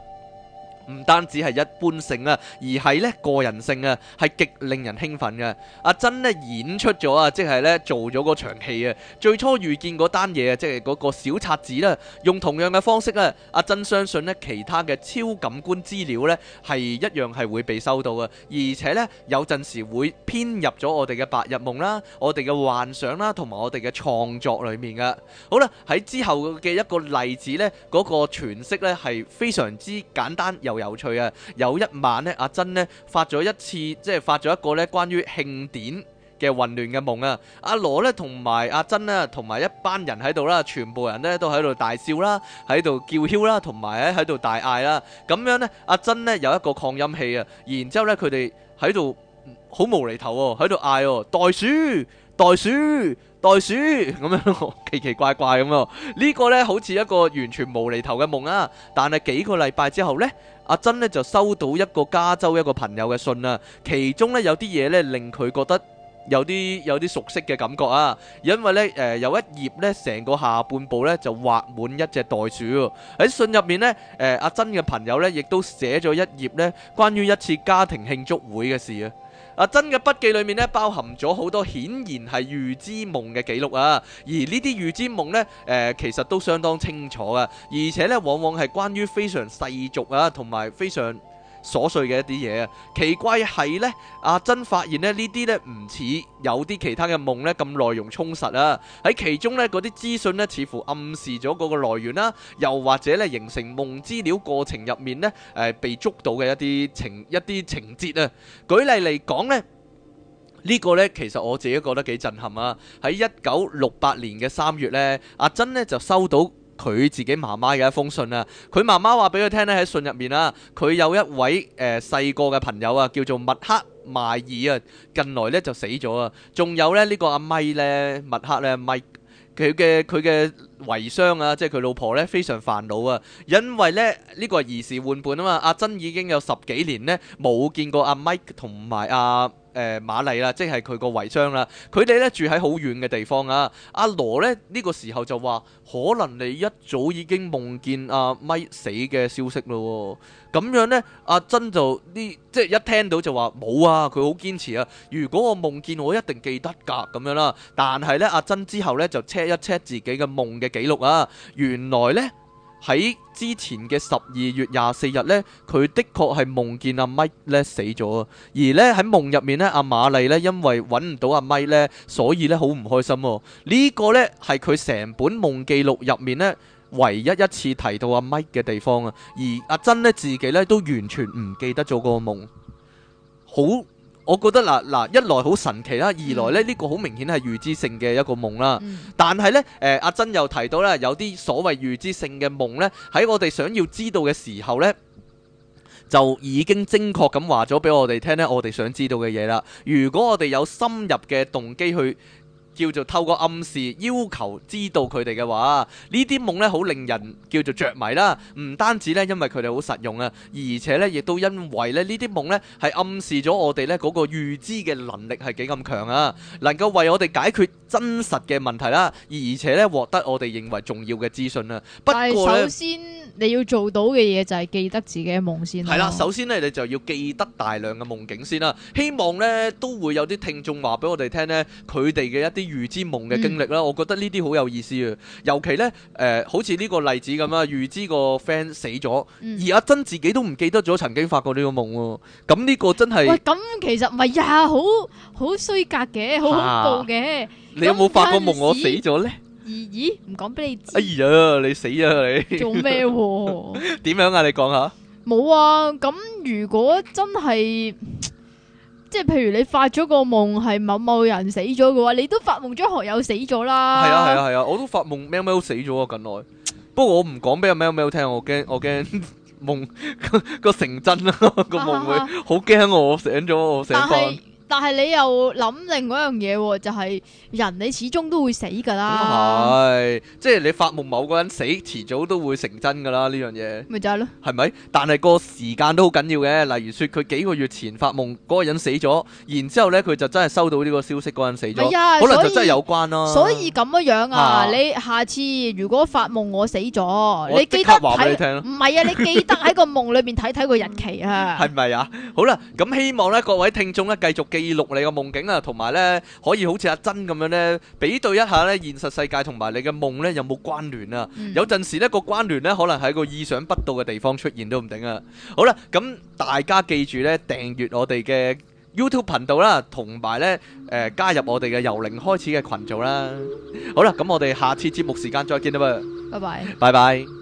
唔單止係一般性啊，而係咧個人性啊，係極令人興奮嘅。阿珍咧演出咗啊，即係咧做咗嗰場戲啊。最初遇見單嘢啊，即係個小冊子啦，用同樣嘅方式啦。阿珍相信咧，其他嘅超感官資料咧係一樣係會被收到嘅，而且咧有陣時會編入咗我哋嘅白日夢啦、我哋嘅幻想啦，同埋我哋嘅創作裏面噶。好啦，喺之後嘅一個例子咧，那個詮釋説咧係非常之簡單又有趣啊！有一晚咧，阿珍咧發咗一次，即係發咗一個咧關於慶典嘅混亂嘅夢啊！阿羅咧同埋阿珍咧，同埋一班人喺度啦，全部人咧都喺度大笑啦，喺度叫囂啦，同埋喺喺度大嗌啦。咁樣咧，阿珍咧有一個擴音器啊，然之後咧佢哋喺度好無厘頭喎，喺度嗌哦袋鼠袋鼠。袋鼠咁樣 奇奇怪怪咁啊！呢、呢個呢，好似一個完全無厘頭嘅夢啊！但係幾個禮拜之後呢，阿珍呢就收到一個加州一個朋友嘅信啊！其中呢，有啲嘢呢令佢覺得有啲有啲熟悉嘅感覺啊！因為呢，誒、呃，有一頁呢成個下半部呢就畫滿一隻袋鼠喺、啊、信入面呢，誒、呃、阿珍嘅朋友呢亦都寫咗一頁呢關於一次家庭慶祝會嘅事啊！啊！珍嘅筆記裏面咧，包含咗好多顯然係預知夢嘅記錄啊，而呢啲預知夢咧，誒、呃、其實都相當清楚啊，而且咧往往係關於非常世俗啊，同埋非常瑣碎嘅一啲嘢啊，奇怪係呢。阿珍發現咧呢啲呢唔似有啲其他嘅夢呢咁內容充實啊。喺其中呢，嗰啲資訊呢似乎暗示咗嗰個來源啦，又或者呢形成夢資料過程入面呢，誒被捉到嘅一啲情一啲情節啊，舉例嚟講呢，呢、呢個呢其實我自己覺得幾震撼啊！喺一九六八年嘅三月呢，阿珍呢就收到。佢自己媽媽嘅一封信啦，佢媽媽話俾佢聽咧，喺信入面啦，佢有一位誒細個嘅朋友啊，叫做麥克邁爾啊，近來咧就死咗啊，仲有咧呢個阿麥咧，麥克咧麥，佢嘅佢嘅遺孀啊，即係佢老婆咧非常煩惱啊，因為咧呢個係兒時玩伴啊嘛，阿珍已經有十幾年咧冇見過阿麥同埋阿。誒馬、呃、麗啦，即係佢個遺孀啦。佢哋咧住喺好遠嘅地方啊。阿羅咧呢、這個時候就話：可能你一早已經夢見阿咪死嘅消息咯。咁樣呢，阿珍就呢即係一聽到就話冇啊。佢好堅持啊。如果我夢見，我一定記得㗎咁樣啦。但係呢，阿珍之後呢，就 check 一 check 自己嘅夢嘅記錄啊。原來呢。喺之前嘅十二月廿四日呢，佢的確係夢見阿咪呢死咗，而呢喺夢入面呢，阿、啊、瑪麗呢因為揾唔到阿、啊、咪呢，所以呢好唔開心喎、啊。呢、這個呢係佢成本夢記錄入面呢唯一一次提到阿咪嘅地方啊！而阿珍呢，自己呢都完全唔記得做過個夢，好。我覺得嗱嗱，一來好神奇啦，二來咧呢呢個好明顯係預知性嘅一個夢啦。但係呢，誒阿珍又提到咧，有啲所謂預知性嘅夢呢，喺我哋想要知道嘅時候呢，就已經精確咁話咗俾我哋聽呢，我哋想知道嘅嘢啦。如果我哋有深入嘅動機去，叫做透過暗示要求知道佢哋嘅話，呢啲夢咧好令人叫做着迷啦。唔單止咧，因為佢哋好實用啊，而且咧亦都因為咧呢啲夢咧係暗示咗我哋咧嗰個預知嘅能力係幾咁強啊，能夠為我哋解決真實嘅問題啦，而且咧獲得我哋認為重要嘅資訊啊，不過首先你要做到嘅嘢就係記得自己嘅夢先。係啦，首先咧你就要記得大量嘅夢境先啦。希望咧都會有啲聽眾話俾我哋聽咧，佢哋嘅一啲。預知夢嘅經歷啦，我覺得呢啲好有意思啊！尤其呢，誒，好似呢個例子咁啊，預知個 friend 死咗，而阿珍自己都唔記得咗曾經發過呢個夢喎。咁呢個真係喂，咁其實唔係呀，好好衰格嘅，好恐怖嘅。你有冇發過夢我死咗呢？咦？唔講俾你知。哎呀，你死啊你！做咩？點樣啊？你講下。冇啊！咁如果真係。即係譬如你發咗個夢係某某人死咗嘅話，你都發夢咗學友死咗啦。係啊係啊係啊，我都發夢喵喵死咗啊！近來，不過我唔講俾阿喵喵聽，我驚我驚夢個成真啊，個 夢會好驚我，我醒咗我醒翻。但係你又諗另外一樣嘢，就係人你始終都會死噶啦。咁係，即係你發夢某個人死，遲早都會成真噶啦呢樣嘢。咪就係咯，係咪？但係個時間都好緊要嘅。例如說佢幾個月前發夢嗰個人死咗，然之後咧佢就真係收到呢個消息嗰個人死咗，可能就真係有關咯。所以咁樣樣啊，你下次如果發夢我死咗，你記得睇，唔係啊，你記得喺個夢裏面，睇睇個日期啊。係咪啊？好啦，咁希望咧各位聽眾咧繼續記。記錄你個夢境啊，同埋呢可以好似阿珍咁樣呢，比對一下呢現實世界同埋你嘅夢呢有冇關聯啊？有陣時呢個關聯呢可能喺個意想不到嘅地方出現都唔定啊！好啦，咁大家記住呢訂閱我哋嘅 YouTube 頻道啦，同埋呢誒加入我哋嘅由零開始嘅群組啦！好啦，咁我哋下次節目時間再見啦，拜拜，拜拜。